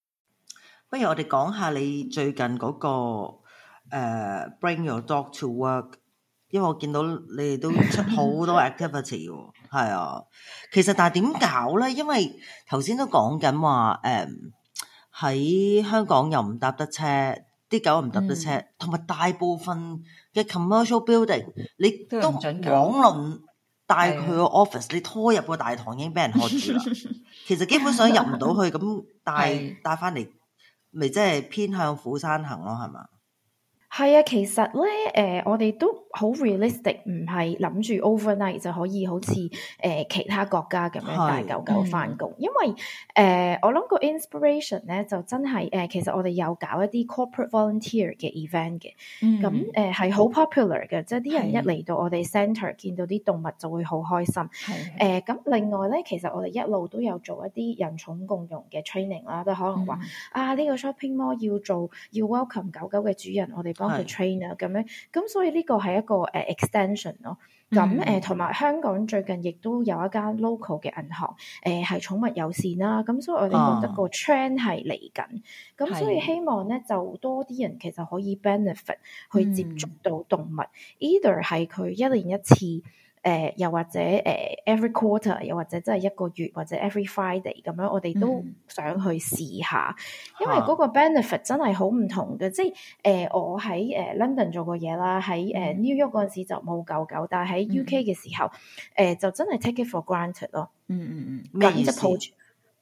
不如我哋講下你最近嗰，嗰個、uh, Bring your dog to work，因為我見到你哋都出好多 activities 喎。係啊，其實但係點搞咧？因為頭先都講緊話誒喺香港又唔搭得車，啲狗又唔搭得車，同埋，嗯、大部分嘅 commercial building 你都講論帶佢個 office，< 是的 S 1> 你拖入個大堂已經俾人喝住啦。 其實基本上入唔到去，咁帶帶翻嚟。 是的 咪即係偏向釜山行咯，係嘛？係啊，其實咧，誒、呃，我哋都好 realistic，唔係諗住 overnight 就可以好似誒其他國家咁樣 帶狗狗翻工，是因為誒、呃、我諗個 inspiration 咧就真係誒、呃，其實我哋有搞一啲 corporate volunteer 嘅 event 嘅，咁誒係好 popular 嘅，即係啲人一嚟到我哋 centre e 是見到啲動物就會好開心，誒的，咁、嗯呃、另外咧，其實我哋一路都有做一啲人寵共融嘅 training 啦，都可能話啊呢、這個 shopping mall 要做要 welcome 狗狗嘅主人，我哋。trainer 咁咧，咁 to 是所以呢個係一個誒、uh, extension 咯。咁誒同埋香港最近亦都有一間 local 嘅銀行誒係、呃、寵物友善啦。咁所以我哋覺得個 trend 係嚟緊。咁、uh. 所以希望咧就多啲人其實可以 benefit 去接觸到動物、mm.，either 係佢一年一次。誒、呃，又或者誒、呃，every quarter，又或者真係一個月，或者 every Friday 咁樣，我哋都想去試下，嗯、因為嗰個 benefit 真係好唔同嘅，嗯、即係誒、呃、我喺誒、呃、London 做過嘢啦，喺、呃、New York 陣時就冇狗狗，但係喺 UK 嘅時候，誒、呃、就真係 take it for granted 咯，嗯嗯嗯，咁即係抱住。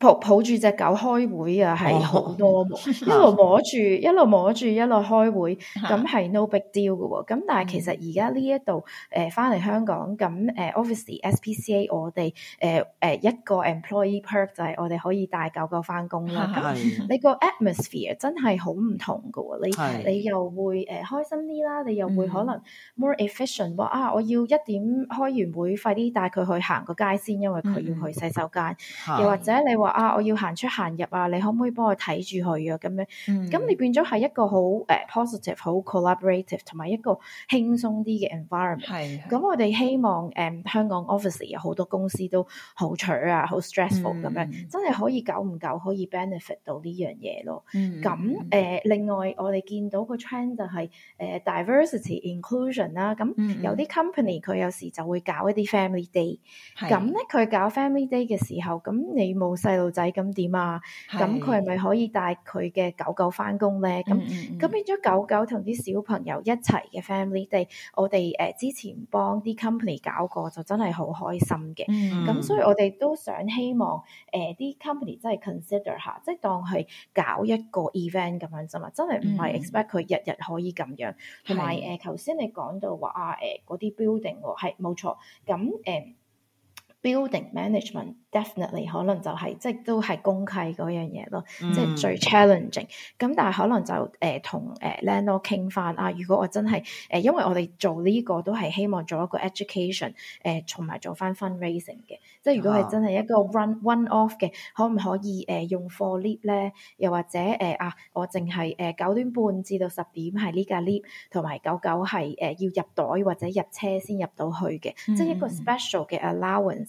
抱抱住隻狗開會啊，係好多，一路摸住，一路摸住，一路開會，咁係 no big deal 噶喎。咁 但係其實而家呢一度誒翻嚟香港，咁、呃、誒，obviously SPCA 我哋誒誒一個 employee perk 就係我哋可以帶狗狗翻工啦。咁 你個 atmosphere 真係好唔同噶喎，你 你又會誒、呃、開心啲啦，你又會可能 more efficient。啊，我要一點開完會，快啲帶佢去行個街先，因為佢要去洗手間。又 或者你話。啊！我要行出行入啊，你可唔可以幫我睇住佢啊？咁樣，咁你變咗係一個好誒 positive、好 collaborative 同埋一個輕鬆啲嘅 environment。係咁，我哋希望誒香港 office 有好多公司都好嘈啊，好 stressful 咁樣，真係可以久唔久可以 benefit 到呢樣嘢咯。咁誒，另外我哋見到個 trend 就係誒 diversity inclusion 啦。咁有啲 company 佢有時就會搞一啲 family day。咁咧佢搞 family day 嘅時候，咁你冇細路仔咁點啊？咁佢係咪可以帶佢嘅狗狗翻工咧？咁咁的變咗狗狗同啲小朋友一齊嘅 family day，我哋誒、呃、之前幫啲 company 搞過，就真係好開心嘅。咁的所以我哋都想希望誒啲 company 真係 consider 下，即、就、係、是、當係搞一個 event 咁樣啫嘛，真係唔係 expect 佢日日可以咁樣。同埋誒，頭先、呃、你講到話啊誒，嗰啲 building 係冇錯咁誒。building management definitely 可能就係、是、即係都係公契嗰樣嘢咯，mm hmm. 即係最 challenging。咁但係可能就誒同誒 landlord 傾翻啊，如果我真係誒、呃，因為我哋做呢、這個都係希望做一個 education，誒、呃、同埋做翻 fundraising 嘅。即係如果係真係一個 run one、mm hmm. off 嘅，可唔可以誒、呃、用貨 lift 咧？又或者誒、呃、啊，我淨係誒九點半至到十點係呢個 lift，同埋狗狗係誒、呃、要入袋或者入車先入到去嘅，mm hmm. 即係一個 special 嘅 allowance。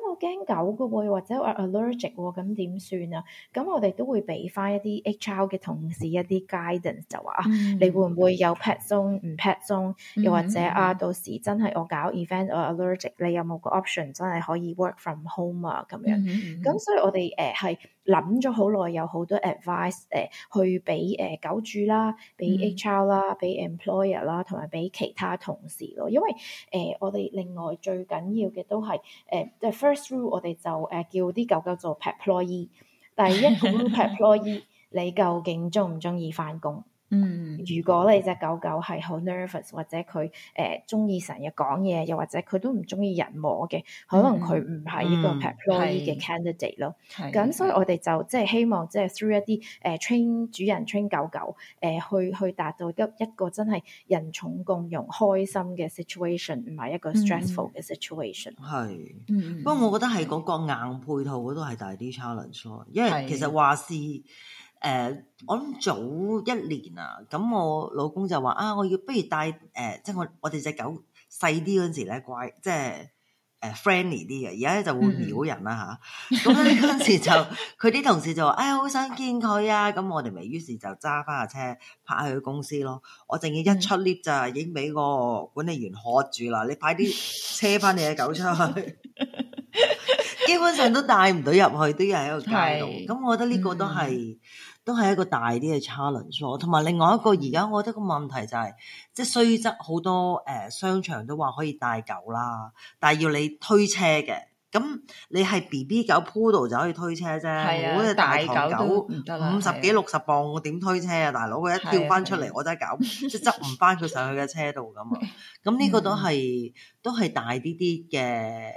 驚狗嘅喎，或者話 allergic 喎，咁點算啊？咁我哋都會俾翻一啲 HR 嘅同事一啲 guidance，就話啊，你會唔會有 pet zone？唔 pet zone？又或者啊，嗯嗯嗯到時真係我搞 event 我 allergic，你有冇個 option 真係可以 work from home 啊咁樣？咁、嗯嗯嗯嗯、所以我哋誒係。呃諗咗好耐，有好多 advice 誒、呃，去俾誒狗主啦，俾 H R 啦，俾 employer 啦，同埋俾其他同事咯。因為誒、呃，我哋另外最緊要嘅都係誒 the first rule 我哋就誒、呃、叫啲狗狗做 pet employee。但係一 pet employee， 你究竟中唔中意翻工？嗯，如果你隻狗狗係好 nervous，或者佢誒中意成日講嘢，又或者佢都唔中意人摸嘅，可能佢唔係呢個 petploy 嘅 candidate 咯。咁所以我哋就即係希望即係 through 一啲誒 train 主人 train 狗狗誒，去去達到一一個真係人寵共融開心嘅 situation，唔係一個 stressful 嘅 situation。係，不過我覺得係嗰個硬配套都係大啲 challenge 咯，因為其實話事。誒，uh，我諗早一年啊，咁我老公就話啊，我要不如帶誒、啊，即係我我哋隻狗細啲嗰陣時咧，乖，即係誒 friendly 啲嘅，而家就會秒人啦吓，咁咧嗰陣時就佢啲同事就話，哎好想見佢啊！咁我哋咪於是就揸翻架車，拍去公司咯。我淨要一出 lift 就已經俾個管理員喝住啦，你快啲車翻你隻狗出去。基本上都帶唔到入去，ag deposits tow，都要喺度街度。咁我覺得呢個都係。ars port 都係一個大啲嘅 challenge 同埋另外一個而家我覺得個問題就係、是，即係雖則好多誒商場都話可以帶狗啦，但係要你推車嘅，咁你係 B B 狗 Poodle 就可以推車啫，嗰啲、啊、大狗狗五十幾六十磅、啊、我點推車啊，大佬佢一跳翻出嚟、啊啊、我真係搞，即係執唔翻佢上去嘅車度噶嘛，咁呢個都係、嗯、都係大啲啲嘅。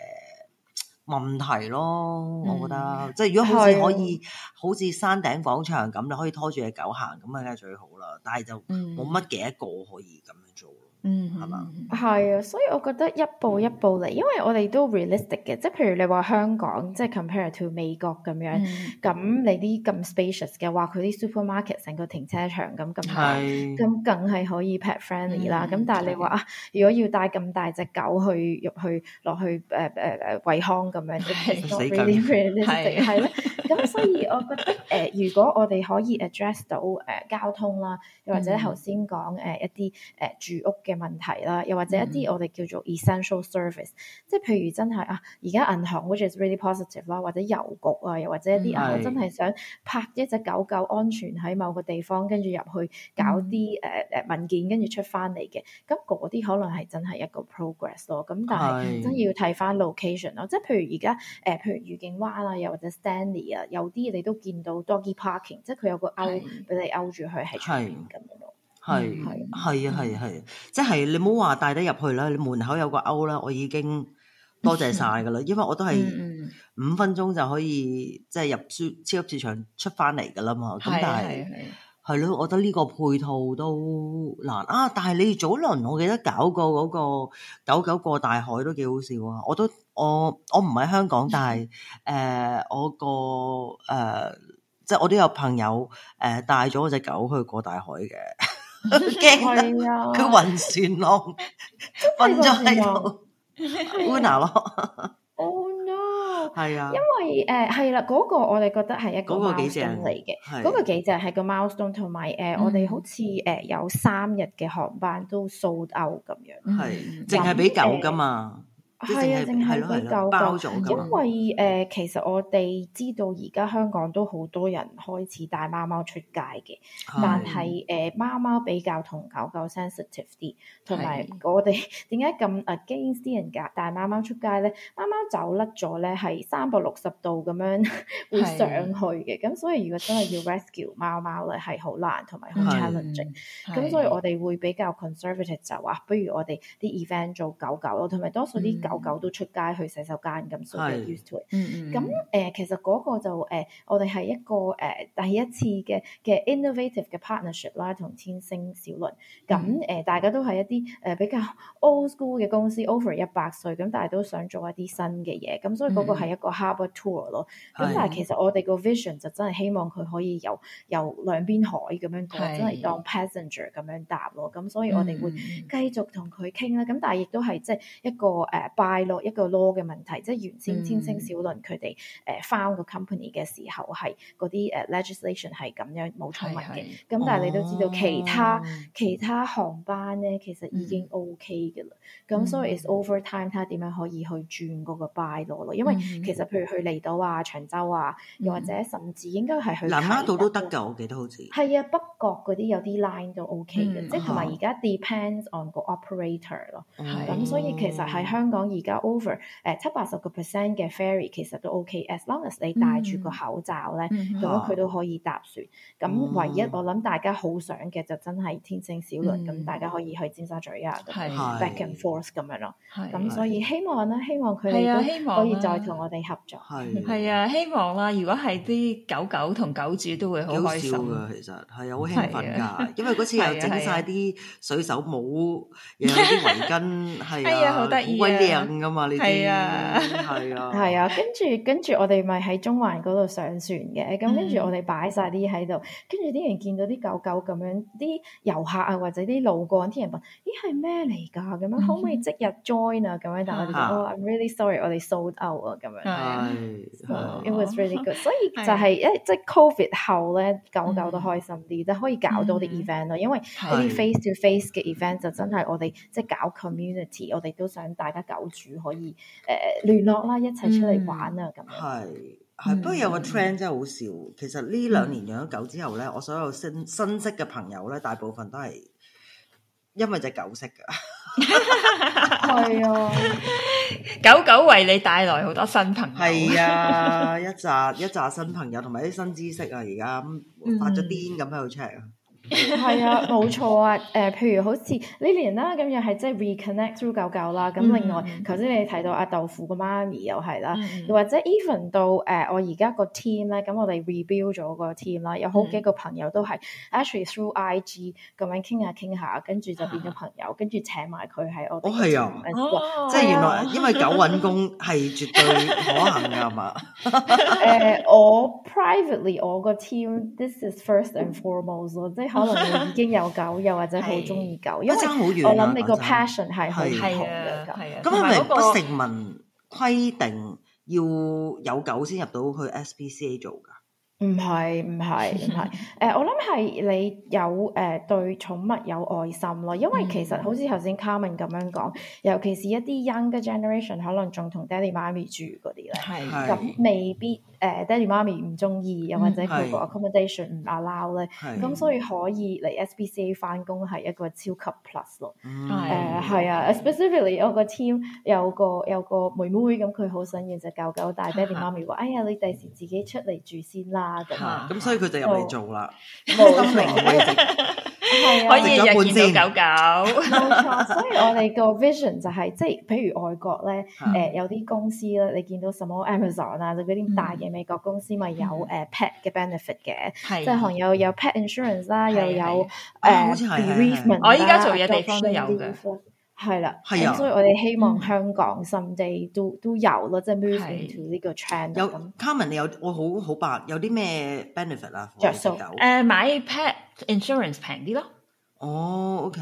問題咯，我覺得、嗯、即係如果好似可以係嘅好似山頂廣場咁，你可以拖住隻狗行，咁啊梗係最好啦。但係就冇乜嘅一個可以咁。嗯，係嘛，係啊，所以我覺得一步一步嚟，因為我哋都 realistic 嘅，即係譬如你話香港，即係 compare to 美國咁樣，咁、嗯嗯、你啲咁 spacious 嘅話，佢啲 supermarket 成個停車場咁咁大，咁梗係可以 pet friendly 啦。咁、嗯、但係你話啊，如果要帶咁大隻狗去入去落去誒誒誒惠康咁樣，即係唔 friendly，係咧。咁所以我覺得誒、呃，如果我哋可以 address 到誒、啊啊啊啊、交通啦，又或者頭先講誒一啲誒住屋嘅問題啦，又或者一啲我哋叫做 essential service，嗯、即係譬如真係啊，而家銀行 which is really positive 啦，或者郵局啊，又或者一啲我真係想泊一隻狗狗安全喺某個地方，跟住入去搞啲誒誒文件，跟住出翻嚟嘅，咁嗰啲可能係真係一個 progress 咯是。咁但係真要睇翻 location 咯，即係譬如而家誒，譬如愉景灣啊，又或者 Stanley 啊，有啲你都見到 doggy parking，即係佢有個勾俾你勾住佢喺出面咁樣咯。的係係係啊，係係，即係你冇話帶得入去啦。你門口有個勾啦，我已經多謝晒噶啦。因為我都係五分鐘就可以即係入超超級市場出翻嚟噶啦嘛。咁但係係咯，我覺得呢個配套都難啊。但係你早輪我記得搞過嗰個狗狗過大海都幾好笑啊。我都我我唔喺香港，但係誒，我個誒即係我都有朋友誒帶咗隻狗去過大海嘅。驚 的啊，佢暈船浪，瞓咗喺度。Oh no！係、 呃、啊，因為誒係啦，嗰個我哋覺得係一個 milestone 嚟嘅，嗰、啊、個幾隻係個 milestone，同埋誒我哋好似誒、呃、有三日嘅航班都 sold out 咁樣，係淨係俾狗噶嘛。係啊，淨係啲狗狗，因為誒、嗯呃、其實我哋知道而家香港都好多人開始帶貓貓出街嘅，是但係誒貓貓比較同狗狗 sensitive 啲，同埋是我哋點解咁啊驚啲人帶帶貓貓出街咧？貓貓走甩咗咧，係三百六十度咁樣會上去嘅，咁是所以如果真係要 rescue 貓貓咧，係好難同埋好 challenging 咁，是所以我哋會比較 conservative 就話不如我哋啲 event 做狗狗咯，同埋多數啲狗是。嗯個狗都出街去洗手間，咁，所以 used to it。咁誒的、呃，其實嗰個就誒、呃、我哋係一個誒、呃、第一次嘅嘅 innovative 嘅 partnership 啦，同天星小輪。咁、嗯、誒、嗯呃，大家都係一啲誒、呃、比較 old school 嘅公司，over 一百歲，咁，但係都想做一啲新嘅嘢。咁、呃、所以嗰個係一個 harbor tour 咯。咁、嗯、但係其實我哋個 vision 就真係希望佢可以由由兩邊海咁樣講，的真係當 passenger 咁樣搭咯。咁、呃、所以我哋會繼續同佢傾啦。咁但係亦都係即係一個誒。呃 bylaw 一個 law 嘅問題，即係原先天星小輪佢哋誒翻個 company 嘅時候係嗰啲誒 legislation 係咁樣冇錯嘅。咁但係你都知道其他其他航班咧，其實已經 OK 嘅啦。咁所以 is overtime，睇下點樣可以去轉嗰個 bylaw 咯。因為其實譬如去離島啊、長洲啊，又或者甚至應該係去南丫島都得㗎，我記得好似係啊，北角啲有啲 line 都 OK 嘅，即係同埋而家 depends on 個 operator 咯。係咁所以其實喺香港。而家 over 誒七八十個 percent 嘅 ferry 其實都 OK，as long as 你戴住個口罩咧，咁佢都可以搭船。咁唯一我諗大家好想嘅就真係天星小輪，咁大家可以去尖沙咀啊，back and forth 咁樣咯。咁所以希望咧，希望佢係啊，希望可以再同我哋合作。係啊，希望啦。如果係啲狗狗同狗主都會好開心㗎，其實係啊，好興奮㗎。因為嗰次又整晒啲水手帽，又有啲圍巾係啊，好得意緊噶嘛，呢啲係啊係啊係啊。 跟住跟住我哋咪喺中環嗰度上船嘅，咁跟住我哋擺晒啲喺度，跟住啲人見到啲狗狗咁樣，啲遊客啊或者啲路過啲人問：咦係咩嚟㗎？咁樣可唔可以即日 join 啊？咁樣但我哋就 oh I'm really sorry，我哋 sold out 啊咁樣。係、 so，It was really good，所以就係、係、一 即係 covid 後咧，狗狗都開心啲，就 可以搞到啲 event 咯。因為呢啲 face to face 嘅 event 就真係我哋即係搞 community，我哋都想大家搞。主可以誒、呃、聯絡啦，一齊出嚟玩啊咁。係係、嗯樣，不過有個 trend 真係好笑。嗯、其實呢兩年養咗狗之後咧，我所有新新識嘅朋友咧，大部分都係因為隻狗識㗎。係啊，狗狗為你帶來好多新朋友。係 啊，一扎一紮新朋友，同埋啲新知識啊！而家發咗癲咁喺度 check 啊！嗯 係啊，冇錯啊，誒，譬如好似 Lillian 啦，咁又係即係 reconnect through 狗狗啦，咁另外，頭先你提到阿豆腐個媽咪又係啦，又或者 even 到誒，我而家個 team 咧，咁我哋 rebuild 咗個 team 啦，有好幾個朋友都係 actually through IG 咁樣傾下傾下，跟住就變咗朋友，跟住請埋佢喺我度。哦，係啊，即係原來因為狗揾工係絕對可行噶嘛。誒，我 privately 我個 team，this is first and foremost 我最。可能你已經有狗，又或者好中意狗，因為差好遠，我諗你個 passion 係唔同嘅。咁係咪不成文規定要有狗先入到去 SPCA 做㗎？唔係唔係唔係，誒我諗係你有誒對寵物有愛心咯。因為其實好似頭先 Carmen 咁樣講，尤其是一啲 young 嘅 generation 可能仲同爹哋媽咪住嗰啲咧，咁未必。誒爹地媽咪唔中意，又或者佢個 accommodation 唔 allow 咧，咁所以可以嚟 SPCA 翻工係一個超級 plus 咯。誒係啊，specifically 我個 team 有個有個妹妹咁，佢好想要隻狗狗，但係爹地媽咪話：哎呀，你第時自己出嚟住先啦咁。咁所以佢哋又嚟做啦，冇心靈啊，可以日見到狗狗，冇錯。所以我哋個 vision 就係即係，譬如外國咧，誒有啲公司咧，你見到什麼 Amazon 啊，就嗰啲大型。美國公司咪有誒 pet 嘅 benefit 嘅，即係含有有 pet insurance 啦，又有誒 b e 我依家做嘢地方都有嘅，係啦。係啊，所以我哋希望香港 s 地都都有咯，即係 moving to 呢個 channel。有，Carman 你有我好好白，有啲咩 benefit 啊？著數誒買 pet insurance 平啲咯。哦，OK，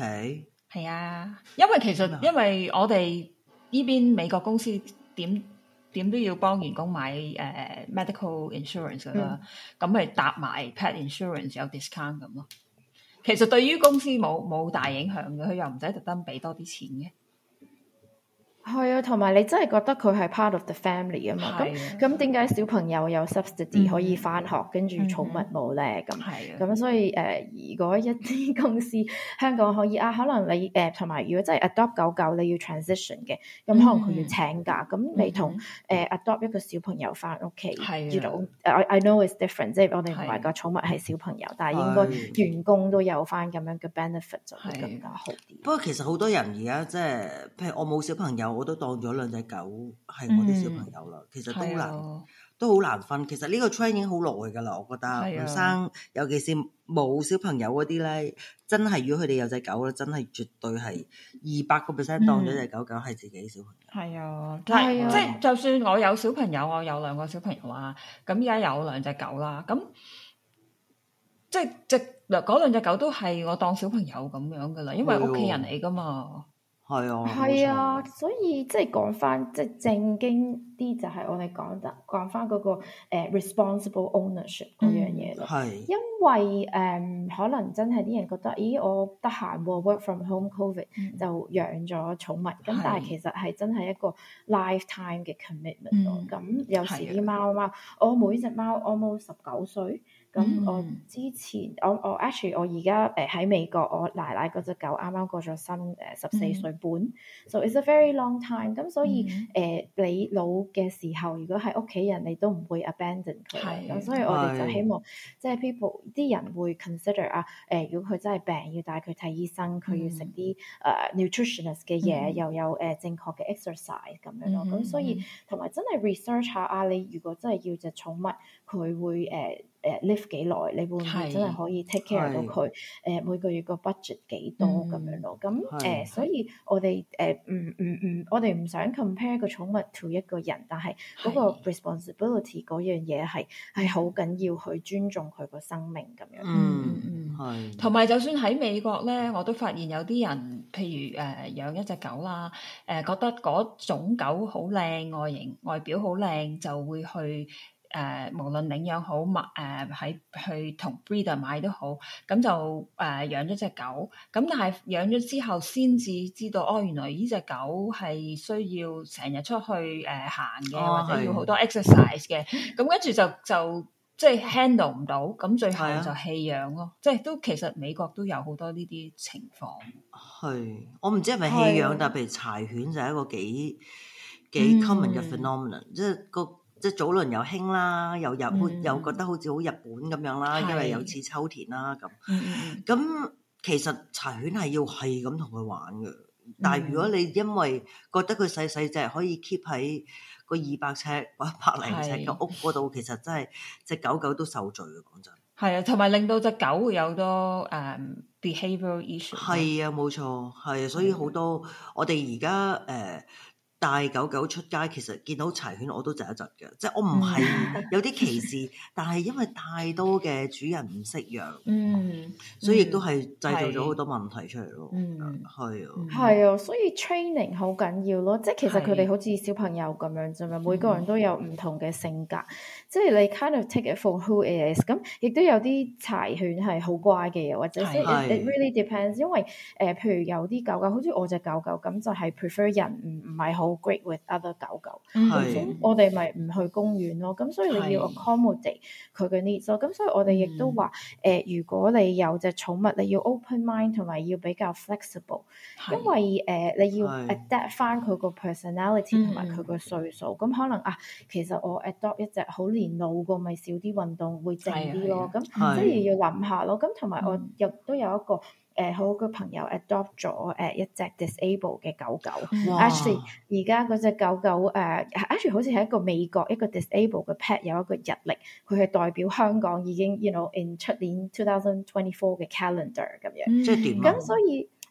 係啊，因為其實因為我哋呢邊美國公司點？點都要幫員工買，呃，medical insurance 噶啦，嗯，咁咪搭埋 pet insurance 有 discount 咁咯。其實對於公司冇冇大影響嘅，佢又唔使特登俾多啲錢嘅。係啊，同埋你真係覺得佢係 part of the family 啊嘛？咁咁點解小朋友有 subsidy 可以翻學，跟住寵物冇咧咁？咁所以誒如果一啲公司香港可以啊，可能你誒同埋如果真係 adopt 狗狗，你要 transition 嘅，咁可能佢要請假。咁你同誒 adopt 一個小朋友翻屋企，呢種誒 I know it's different，即係我哋唔係個寵物係小朋友，但係應該員工都有翻咁樣嘅 benefit 就係更加好啲。不過其實好多人而家即係譬如我冇小朋友。我都當咗兩隻狗係我啲小朋友啦，其實都難，都好難分。其實呢個 training 已經好耐噶啦，我覺得生，尤其是冇小朋友嗰啲咧，真係如果佢哋有隻狗咧，真係絕對係二百個 percent 當咗隻狗狗係自己小朋友。係啊，即係就算我有小朋友，我有兩個小朋友啊，咁而家有兩隻狗啦，咁即係只兩嗰兩隻狗都係我當小朋友咁樣噶啦，因為屋企人嚟噶嘛。係啊，所以即係講翻即係正經啲，就係我哋講得講翻嗰個、uh, responsible ownership 嗰、嗯、樣嘢咯。係是因為誒、um, 可能真係啲人覺得，咦，我得閒 work from home COVID、嗯、就養咗寵物，咁、嗯、但係其實係真係一個 lifetime 嘅 commitment 咯、嗯。咁、嗯、有時啲貓的貓，我每隻貓 almost 十九歲。咁我之前我我 actually 我而家誒喺美國，我奶奶嗰隻狗啱啱過咗身誒十四歲半、mm hmm.，so it's a very long time。咁所以誒、呃、你老嘅時候，如果係屋企人，你都唔會 abandon 佢。咁 所以我哋就希望即係的 people 啲人會 consider 啊、呃、誒，如果佢真係病，要帶佢睇醫生，佢要食啲誒 nutritional 嘅嘢，又有誒、uh, 正確嘅 exercise 咁樣咯。咁、mm hmm. 所以同埋真係 research 下啊，你、啊、如果你真係要隻寵物，佢會誒。啊啊啊啊啊誒 live 幾耐，你會唔會真係可以 take care 到佢？誒的、呃、每個月個 budget 幾多咁、嗯、樣咯？咁、呃、誒，的所以我哋誒，唔唔唔，我哋唔想 compare 個寵物 to 一個人的，但係嗰個 responsibility 嗰樣嘢係係好緊要去尊重佢個生命咁樣。嗯嗯，係。同埋就算喺美國咧，我都發現有啲人，譬如誒、呃、養一隻狗啦，誒、呃、覺得嗰種狗好靚，外形外表好靚，就會去。誒，無論領養好，買誒喺去同 breeder 買都好，咁就誒養咗隻狗，咁但係養咗之後先至知道，哦，原來呢隻狗係需要成日出去誒行嘅，或者要好多 exercise 嘅，咁跟住就就即係 handle 唔到，咁最後就棄養咯。即係都其實美國都有好多呢啲情況。係，我唔知係咪棄養，但係柴犬就係一個幾幾 common 嘅 phenomenon，即係個。即係早輪又興啦，又又、嗯、又覺得好似好日本咁樣啦，嗯、因為有似秋田啦咁。咁、嗯、其實柴犬係要係咁同佢玩嘅，嗯、但係如果你因為覺得佢細細隻，可以 keep 喺個二百尺或一百零尺嘅屋嗰度，是其實真係隻狗狗都受罪嘅。講真。係啊，同埋令到隻狗會有多誒 behavior issue。係、um, 啊，冇錯，係、啊、所以好多、啊、我哋而家誒。呃帶狗狗出街，其實見到柴犬我都窒一窒嘅，即係我唔係有啲歧視， 但係因為太多嘅主人唔識養，嗯嗯、所以亦都係製造咗好多問題出嚟咯。嗯，係啊的，係啊，所以 training 好緊要咯，即係其實佢哋好似小朋友咁樣啫嘛，的每個人都有唔同嘅性格。即係你 kind of take it for who it is 咁、嗯，亦都有啲柴犬係好乖嘅，嘢，或者即係 it, 是是 it really depends。因為誒、呃、譬如有啲狗狗，好似我隻狗狗咁，就係、是、prefer 人唔唔係好 great with other 狗狗。嗯，是是我哋咪唔去公園咯。咁、嗯、所以你要 accommodate 佢嘅 needs 咯。咁、嗯嗯、所以我哋亦都話誒、呃、如果你有隻寵物，你要 open mind 同埋要比較 flexible，因為誒是是、呃、你要 adapt 翻佢個 personality 同埋佢個歲數，咁可能啊，其實我 adopt 一隻好年。年老個咪少啲運動，會靜啲咯。咁的、嗯、即係要諗下咯。咁同埋我又都有一個誒、呃、好好嘅朋友 adopt 咗誒一隻 disabled 嘅狗狗。Actually，而家嗰隻狗狗誒，actually、呃、好似係一個美國一個 disabled 嘅 pet，有一個日曆，佢係代表香港已經，you know，in 出年 two thousand twenty four 嘅 calendar 咁樣。嗯、即係點。咁、嗯、所以。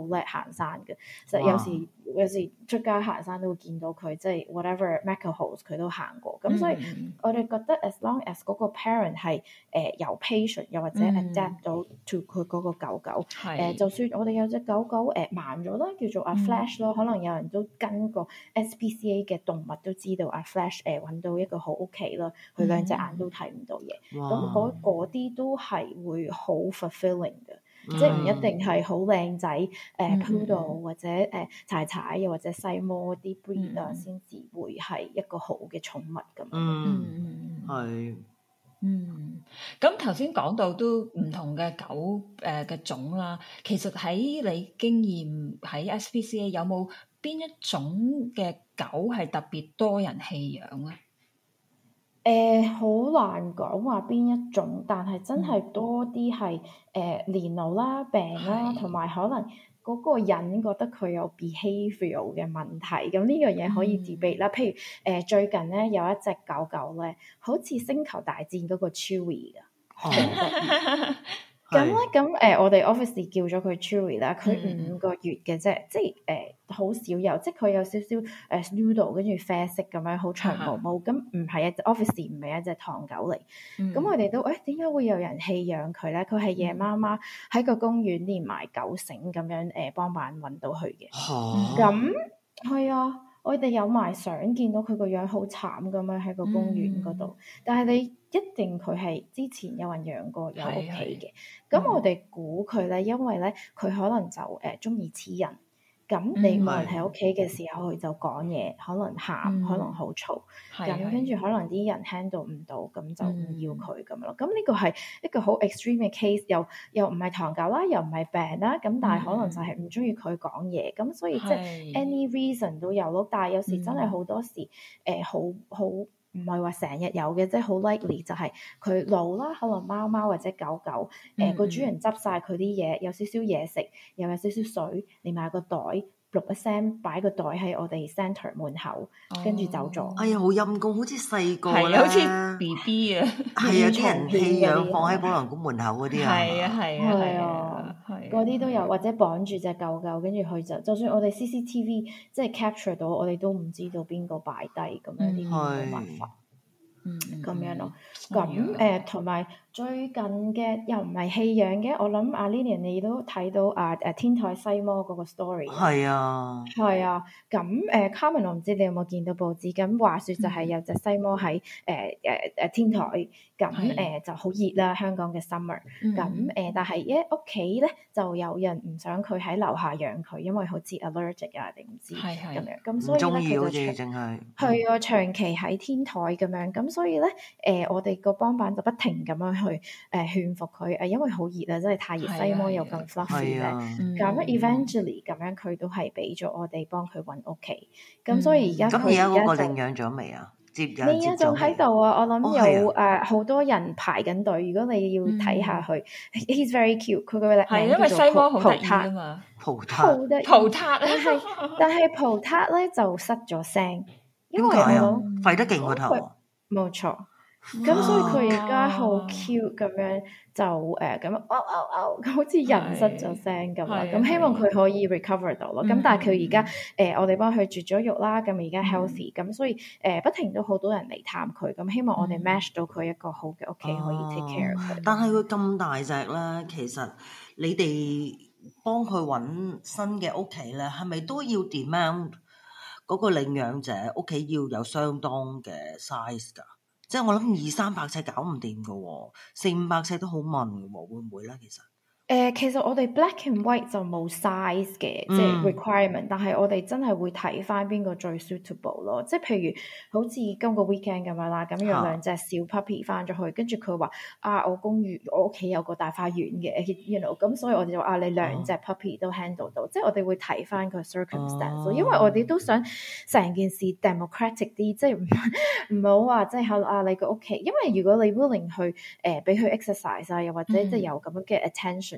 好叻行山嘅，所以有時有時哇出街行山都會見到佢，即係 whatever MacLehose 佢都行過。咁所以我哋覺得 as long as 嗰個 parent 係誒、呃、有 patient 又或者 adapt 到佢嗰個狗狗，誒的、呃、就算我哋有隻狗狗誒盲咗啦，叫做阿 Flash 咯，嗯、可能有人都跟個 SPCA 嘅動物都知道阿 Flash 誒、呃、揾到一個好屋企咯，佢兩隻眼都睇唔到嘢，咁嗰啲都係會好 fulfilling 嘅。即係唔一定係好靚仔，誒、呃、poodle 或者誒柴柴，又、呃、或者西摩啲 breed 啊、嗯，先至會係一個好嘅寵物咁。嗯，係。嗯，咁頭先講到都唔同嘅狗誒嘅、呃、種啦，其實喺你經驗喺 SPCA 有冇邊一種嘅狗係特別多人棄養啊？誒好，呃、難講話邊一種，但係真係多啲係誒年老啦、啊、病啦、啊，同埋的可能嗰個人覺得佢有 behavior 嘅問題，咁呢樣嘢可以自備啦。嗯、譬如誒、呃，最近咧有一隻狗狗咧，好似星球大戰嗰個 Chewie 噶。 咁咧，咁誒，我哋 office 叫咗佢 Cherry 啦，佢五個月嘅啫，嗯、即係誒好少有，即係佢有少少誒 noodle 跟住啡色咁樣好長毛毛，咁唔係啊，office 唔係一隻唐狗嚟，咁、嗯、我哋都誒點解會有人棄養佢咧？佢係夜媽媽喺個公園連埋狗繩咁樣誒、呃、幫人揾到佢嘅，咁係啊，啊，我哋有埋相，見到佢個樣好慘咁樣喺個公園嗰度，但係你。一定佢係之前有人養過有屋企嘅，咁我哋估佢咧，因為咧佢可能就誒中意黐人，咁你唔係喺屋企嘅時候，佢就講嘢，可能喊，可能好嘈，咁跟住可能啲人 handle 唔到，咁就唔要佢咁咯。咁呢個係一個好 extreme 嘅 case，又又唔係唐狗啦，又唔係病啦，咁但係可能就係唔中意佢講嘢，咁所以即係 any reason 都有咯。但係有時真係好多時誒好好。唔係話成日有嘅，即係好 likely 就係、是、佢老啦，可能貓貓或者狗狗，誒、呃、個 主人執晒佢啲嘢，有少少嘢食，又有少少水，你買個袋。六個聲擺個袋喺我哋 centre 門口，跟住走咗。哎呀，好陰公，好似細個，好似 B B 啊，係啊，啲人棄養放喺保良館門口嗰啲啊，係啊係啊係啊，嗰啲都有，或者綁住隻狗狗跟住佢就，就算我哋 C C T V 即係 capture 到，我哋都唔知道邊個擺低咁樣啲冇辦法，嗯，咁樣咯，咁誒同埋。最近嘅又唔係棄養嘅，我諗阿 Lily 你都睇到啊誒天台西摩嗰個 story。係是啊，啊。係啊，咁誒，Carmen 我唔知你有冇見到報紙，咁話說就係有隻西摩喺誒誒誒天台，咁、啊、誒就好熱啦，香港嘅 summer。咁、啊、誒，但係一屋企咧就有人唔想佢喺樓下養佢，因為好似 allergic 啊定唔知咁是樣。係係。咁所以咧，佢就淨係好啊長期喺天台咁樣，咁所以咧誒、嗯啊，我哋個幫辦就不停咁樣。去誒勸服佢誒，因為好熱啊，真係太熱，西摩又咁 fluffy 咧。咁 eventually 咁樣，佢都係俾咗我哋幫佢搵屋企。咁所以而家咁而家嗰個領養咗未啊？接呢一仲喺度啊，我諗有誒好多人排緊隊。如果你要睇下佢，he's very cute。佢個名係因為西摩好得意啊嘛，蒲塔蒲塔。但係但係蒲塔咧就失咗聲，因為好吠得勁個頭，冇錯。咁哇所以佢而家好 cute 咁樣就誒咁啊啊啊！好似人失咗聲咁啦。咁樣的希望佢可以 recover 到咯。咁、嗯、但係佢而家誒，我哋幫佢絕咗育啦。咁而家 healthy 咁，嗯、所以誒、呃、不停都好多人嚟探佢咁。希望我哋 match 到佢一個好嘅屋企，嗯、可以 take care 佢。但係佢咁大隻咧，其實你哋幫佢揾新嘅屋企咧，係咪都要 demand 嗰個領養者屋企要有相當嘅 size 噶？即係我諗二三百尺搞唔掂噶喎，四五百尺都好悶喎，會唔會咧？其實。誒、呃，其實我哋 black and white 就冇 size 嘅，嗯、即係 requirement。但係我哋真係會睇翻邊個最 suitable 咯。即係譬如好似今個 weekend 咁樣啦，咁有兩隻小 puppy 翻咗去，啊、跟住佢話啊，我公寓我屋企有個大花園嘅，you know，咁、嗯、所以我哋就啊，你兩隻 puppy 都 handle 到。啊、即係我哋會睇翻個 circumstance，、哦、因為我哋都想成件事 democratic 啲，即係唔好話即係嚇啊你個屋企，因為如果你 willing 去誒俾佢 exercise 啊，又、呃、或者即係有咁樣嘅 attention、嗯。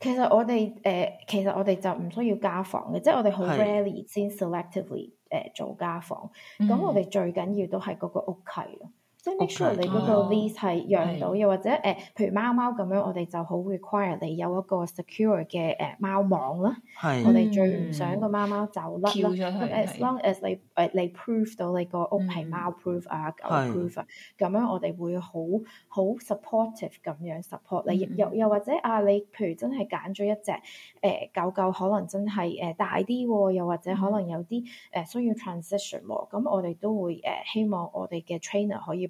其實我哋誒、呃，其實我哋就唔需要家訪嘅，即係我哋好 rarely 先的 selectively 誒、呃、做家訪，咁、嗯、我哋最緊要都係嗰個屋契咯。即 make sure 你個 lease 係養到，又是或者誒、呃、譬如貓貓咁樣我哋就好 require 你有一個 secure 嘅誒貓網啦。係是我哋最唔想個貓貓走甩啦。咁、嗯嗯、as long as 你誒你 prove 到你個屋係貓 proof 啊狗 proof，咁樣我哋會好好 supportive 咁樣 support、嗯、你。又、呃、又或者啊，你譬如真係揀咗一隻誒狗狗，呃、狗狗可能真係誒大啲，又或者可能有啲誒需要 transition，咁、啊啊、我哋都會誒、呃、希望我哋嘅 trainer 可以。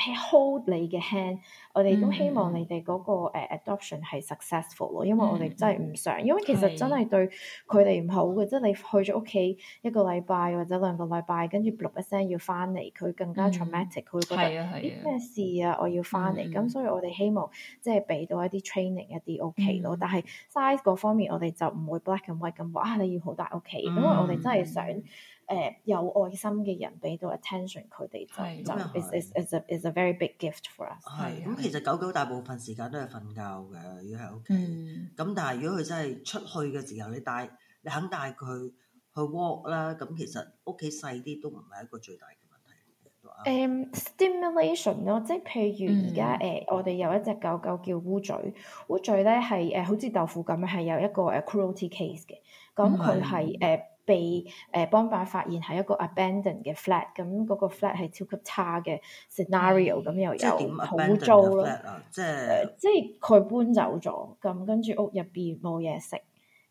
Hold 你嘅 hand，、嗯、我哋都希望你哋嗰、那個、uh, adoption 係 successful 咯，因為我哋真係唔想，嗯、因為其實真係對佢哋唔好嘅，即係是你去咗屋企一個禮拜或者兩個禮拜，跟住碌一聲要翻嚟，佢更加 traumatic，佢、嗯、會覺得咦咩事啊？我要翻嚟，咁、嗯、所以我哋希望即係俾到一啲 training 一啲 OK 咯、嗯，但係 size 嗰方面我哋就唔會 black and white 咁話，你要好大屋企，嗯、因為我哋真係想。誒、呃、有愛心嘅人俾到 attention 佢哋就就 is is is a is a very big gift for us。係咁，其實狗狗大部分時間都係瞓覺嘅，如果喺屋企。咁、mm hmm. 但係如果佢真係出去嘅時候，你帶你肯帶佢去 walk 啦，咁其實屋企細啲都唔係一個最大嘅問題。誒、um, stimulation 咯，即係譬如而家誒，我哋有一隻狗狗叫烏嘴，烏嘴咧係誒，好似豆腐咁樣，係有一個誒 cruelty case 嘅。咁佢係誒。Mm hmm. 被誒、呃、幫辦發現係一個 abandoned 嘅 flat，咁嗰個 flat 係超級差嘅 scenario，咁又又好租咯，就是、即係即係佢搬走咗，咁跟住屋入邊冇嘢食。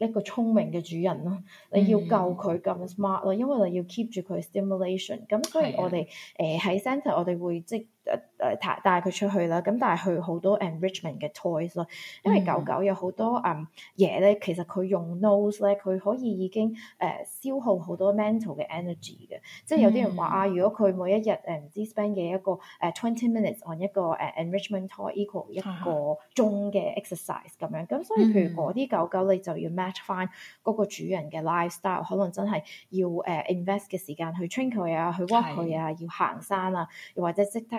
一個聰明嘅主人咯，你要教佢咁 smart 咯，嗯，因為你要 keep 住佢 stimulation。咁所以我哋誒喺 centre 我哋會即誒誒，帶佢出去啦，咁但係佢好多 enrichment 嘅 toys 咯。因為狗狗有好多誒嘢咧，其實佢用 nose 咧，佢可以已經誒、呃、消耗好多 mental 嘅 energy 嘅，即係有啲人話啊，嗯、如果佢每一日誒唔知 spend 嘅一個誒 twenty、uh, minutes on 一個誒、uh, enrichment toy equal 一個鐘嘅 exercise 咁、嗯、樣，咁、嗯嗯、所以譬如嗰啲狗狗你就要 match 翻嗰個主人嘅 lifestyle，可能真係要誒、uh, invest 嘅時間去 train 佢啊的，去 walk 佢啊，要行山啊，又或者識得。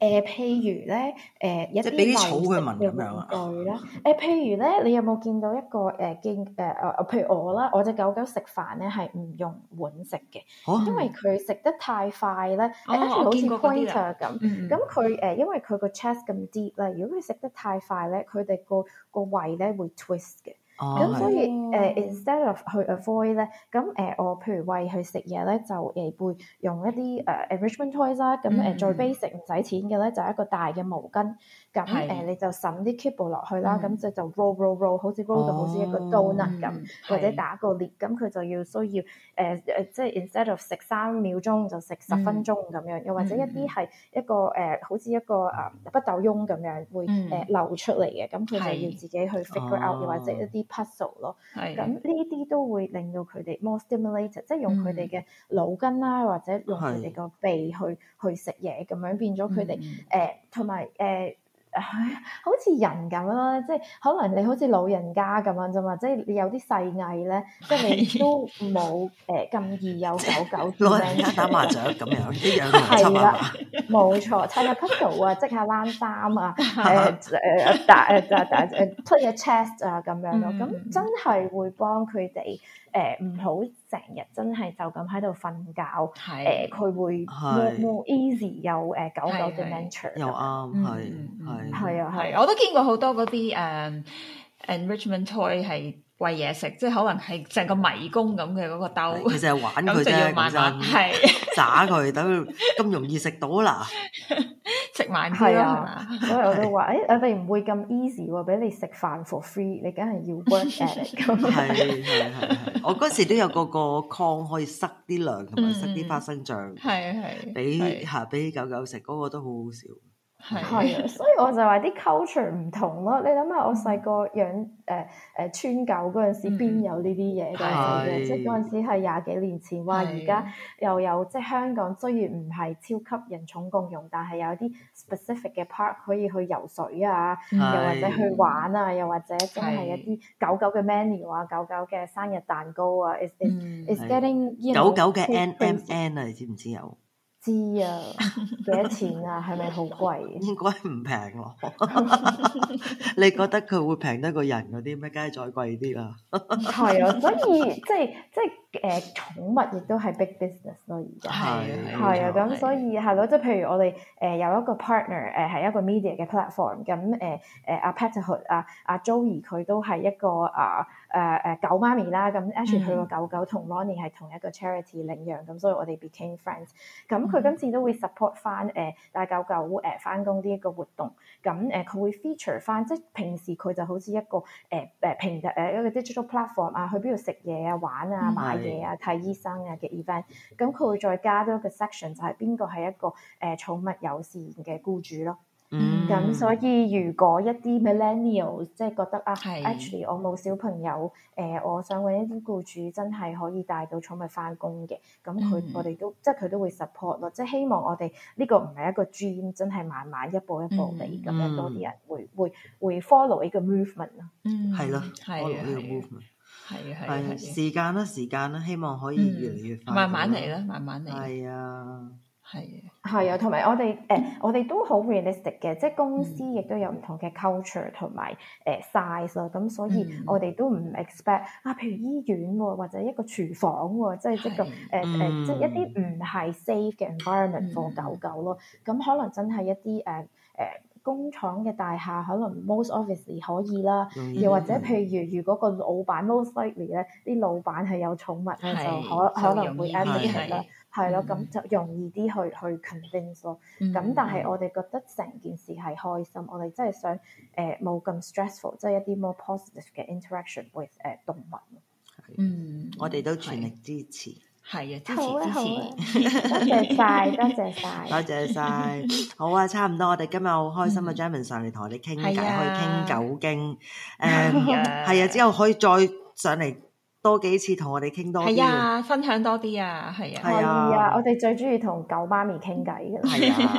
誒、呃，譬如咧，誒、呃、一啲比較好嘅文咁樣啊，誒、 呃、譬如咧，你有冇見到一個誒見誒誒，譬如我啦，我隻狗狗食飯咧係唔用碗食嘅，哦、因為佢食得太快咧，跟住好似 pointer 咁，咁佢誒因為佢個 chest 咁 deep 咧，如果佢食得太快咧，佢哋個個胃咧會 twist 嘅。咁、哦、所以誒 instead of 去 avoid 咧，咁誒，我譬如餵佢食嘢咧，就誒會用一啲誒、uh, enrichment toys 啦，咁誒、嗯嗯、最 basic 唔使錢嘅咧，就係、是、一個大嘅毛巾。咁誒、嗯嗯呃、你就揾啲 kibble 落去啦，咁就就 roll roll roll，好似 roll 到好似一個刀吶咁，或者打個裂，咁佢就要需要誒誒，即係 instead of 食三秒鐘就食十分鐘咁樣，又或者一啲係一個誒，好似一個誒不倒翁咁樣會誒流出嚟嘅，咁佢就要自己去 figure out，又或者一啲 puzzle 咯。咁呢啲都會令到佢哋 more stimulated，即係用佢哋嘅腦筋啦，或者用佢哋個鼻去去食嘢咁樣，變咗佢哋誒同埋誒。嗯嗯嗯嗯嗯嗯嗯係，好似、 哎、人咁咯，即係可能你好似老人家咁樣啫嘛，即係你有啲細藝咧，的即係你都冇誒咁易有狗狗老人家、 嗯呃呃呃、打麻雀咁樣啲嘢都係差唔多，冇錯砌下 puzzle 啊，即下擸衫啊，誒誒打，打打打 play chess 啊咁樣咯，咁、嗯、真係會幫佢哋。誒唔、呃、好成日真係就咁喺度瞓覺，誒佢是、呃、會 more more easy 的有誒狗狗嘅 dementia 又啱對，係係係，我都見過好多嗰啲誒 enrichment toy 係。餵嘢食，即係可能係成個迷宮咁嘅嗰個兜，佢實係玩佢啫，係，詐佢，等佢咁容易食到啦，食埋啲咯，係嘛、啊，所以我都話，誒是，我哋唔會咁 easy，俾你食飯 for free，你梗係要 work at 咁。係係係，我嗰時都有個個 Kong 可以塞啲糧同埋塞啲花生醬，係係、嗯，俾吓俾狗狗食，嗰個都好好笑。係，所以我就話啲 culture 唔同咯。你諗下，我細個養誒誒村狗嗰陣時，邊有呢啲嘢嘅？嗰陣時係廿幾年前，話而家又有，即係香港雖然唔係超級人寵共融，但係有啲 specific 嘅 park 可以去游水啊，又或者去玩啊，又或者即係一啲狗狗嘅 menu 啊，狗狗嘅生日蛋糕啊，is is is getting 狗狗嘅 NMN 啊，你知唔知有？知啊，幾多錢啊？係咪好貴？應該唔平喎， 你覺得佢會平得過人嗰啲咩？梗係再貴啲啦？係 啊，所以即係即係。就是就是誒寵物亦都係 big business 咯，而家係係啊，咁所以係咯，即係譬如我哋誒有一個 partner 誒係一個 media 嘅 platform，咁誒誒阿 Patrick 阿阿 Joey 佢都係一個啊誒誒狗媽咪啦，咁 actually 佢個狗狗同 Lonnie 係同一個 charity 領養，咁所以我哋 became friends，咁佢今次都會 support 翻，誒帶狗狗誒翻工，呢個活動，咁誒佢會 feature 翻，即係平時佢就好似一個誒誒平日誒一個 digital platform 啊，去邊度食嘢啊玩啊買。嗯嘅啊，睇醫生啊嘅 event，咁佢會再加多一個 section，就係邊個係一個誒、呃、寵物友善嘅僱主咯。嗯，咁所以如果一啲 millennial 即係覺得啊，係 actually 我冇小朋友，誒、呃，我想揾一啲僱主真係可以帶到寵物翻工嘅，咁佢、mm. 我哋都即係佢都會 support 咯，即係希望我哋呢、呢個唔係一個 dream，真係慢慢一步一步嚟，咁、mm. 樣多啲人會會會、會 follow 呢個 movement 咯。嗯、mm.，係咯，係啊。係啊係，時間啦、啊、時間啦、啊，希望可以越嚟越快、嗯。慢慢嚟啦，慢慢嚟。係啊的，係，係啊，同埋我哋誒，我哋都好 realistic 嘅，即係公司亦都有唔同嘅 culture 同埋誒 size 咯、嗯，咁所以我哋都唔 expect 啊，譬如醫院、啊、或者一個廚房、啊，即係一個誒誒，即係一啲唔係 safe 嘅 environment 放狗狗咯，咁可能真係一啲誒誒。呃呃工廠嘅大廈可能 most obviously 可以啦，又或者譬如如果個老闆 most likely 咧，啲老闆係有寵物咧，是就可容可能會 ending 啦，係咯，咁、嗯嗯、就容易啲去去 convince 咯。咁但係我哋覺得成件事係開心，我哋真係想誒冇、呃、咁 stressful，即係一啲 more positive 嘅 interaction with 誒、呃、動物。是嗯，我哋都全力支持。係啊，支持支持，多謝晒，多謝晒，多謝晒。好啊，差唔多，我哋今日好開心啊，Jenmon 上嚟同我哋傾偈，可以傾狗經，誒，係啊，之後可以再上嚟多幾次，同我哋傾多啲，分享多啲啊，係啊，係啊，我哋最中意同狗媽咪傾偈嘅，係啊。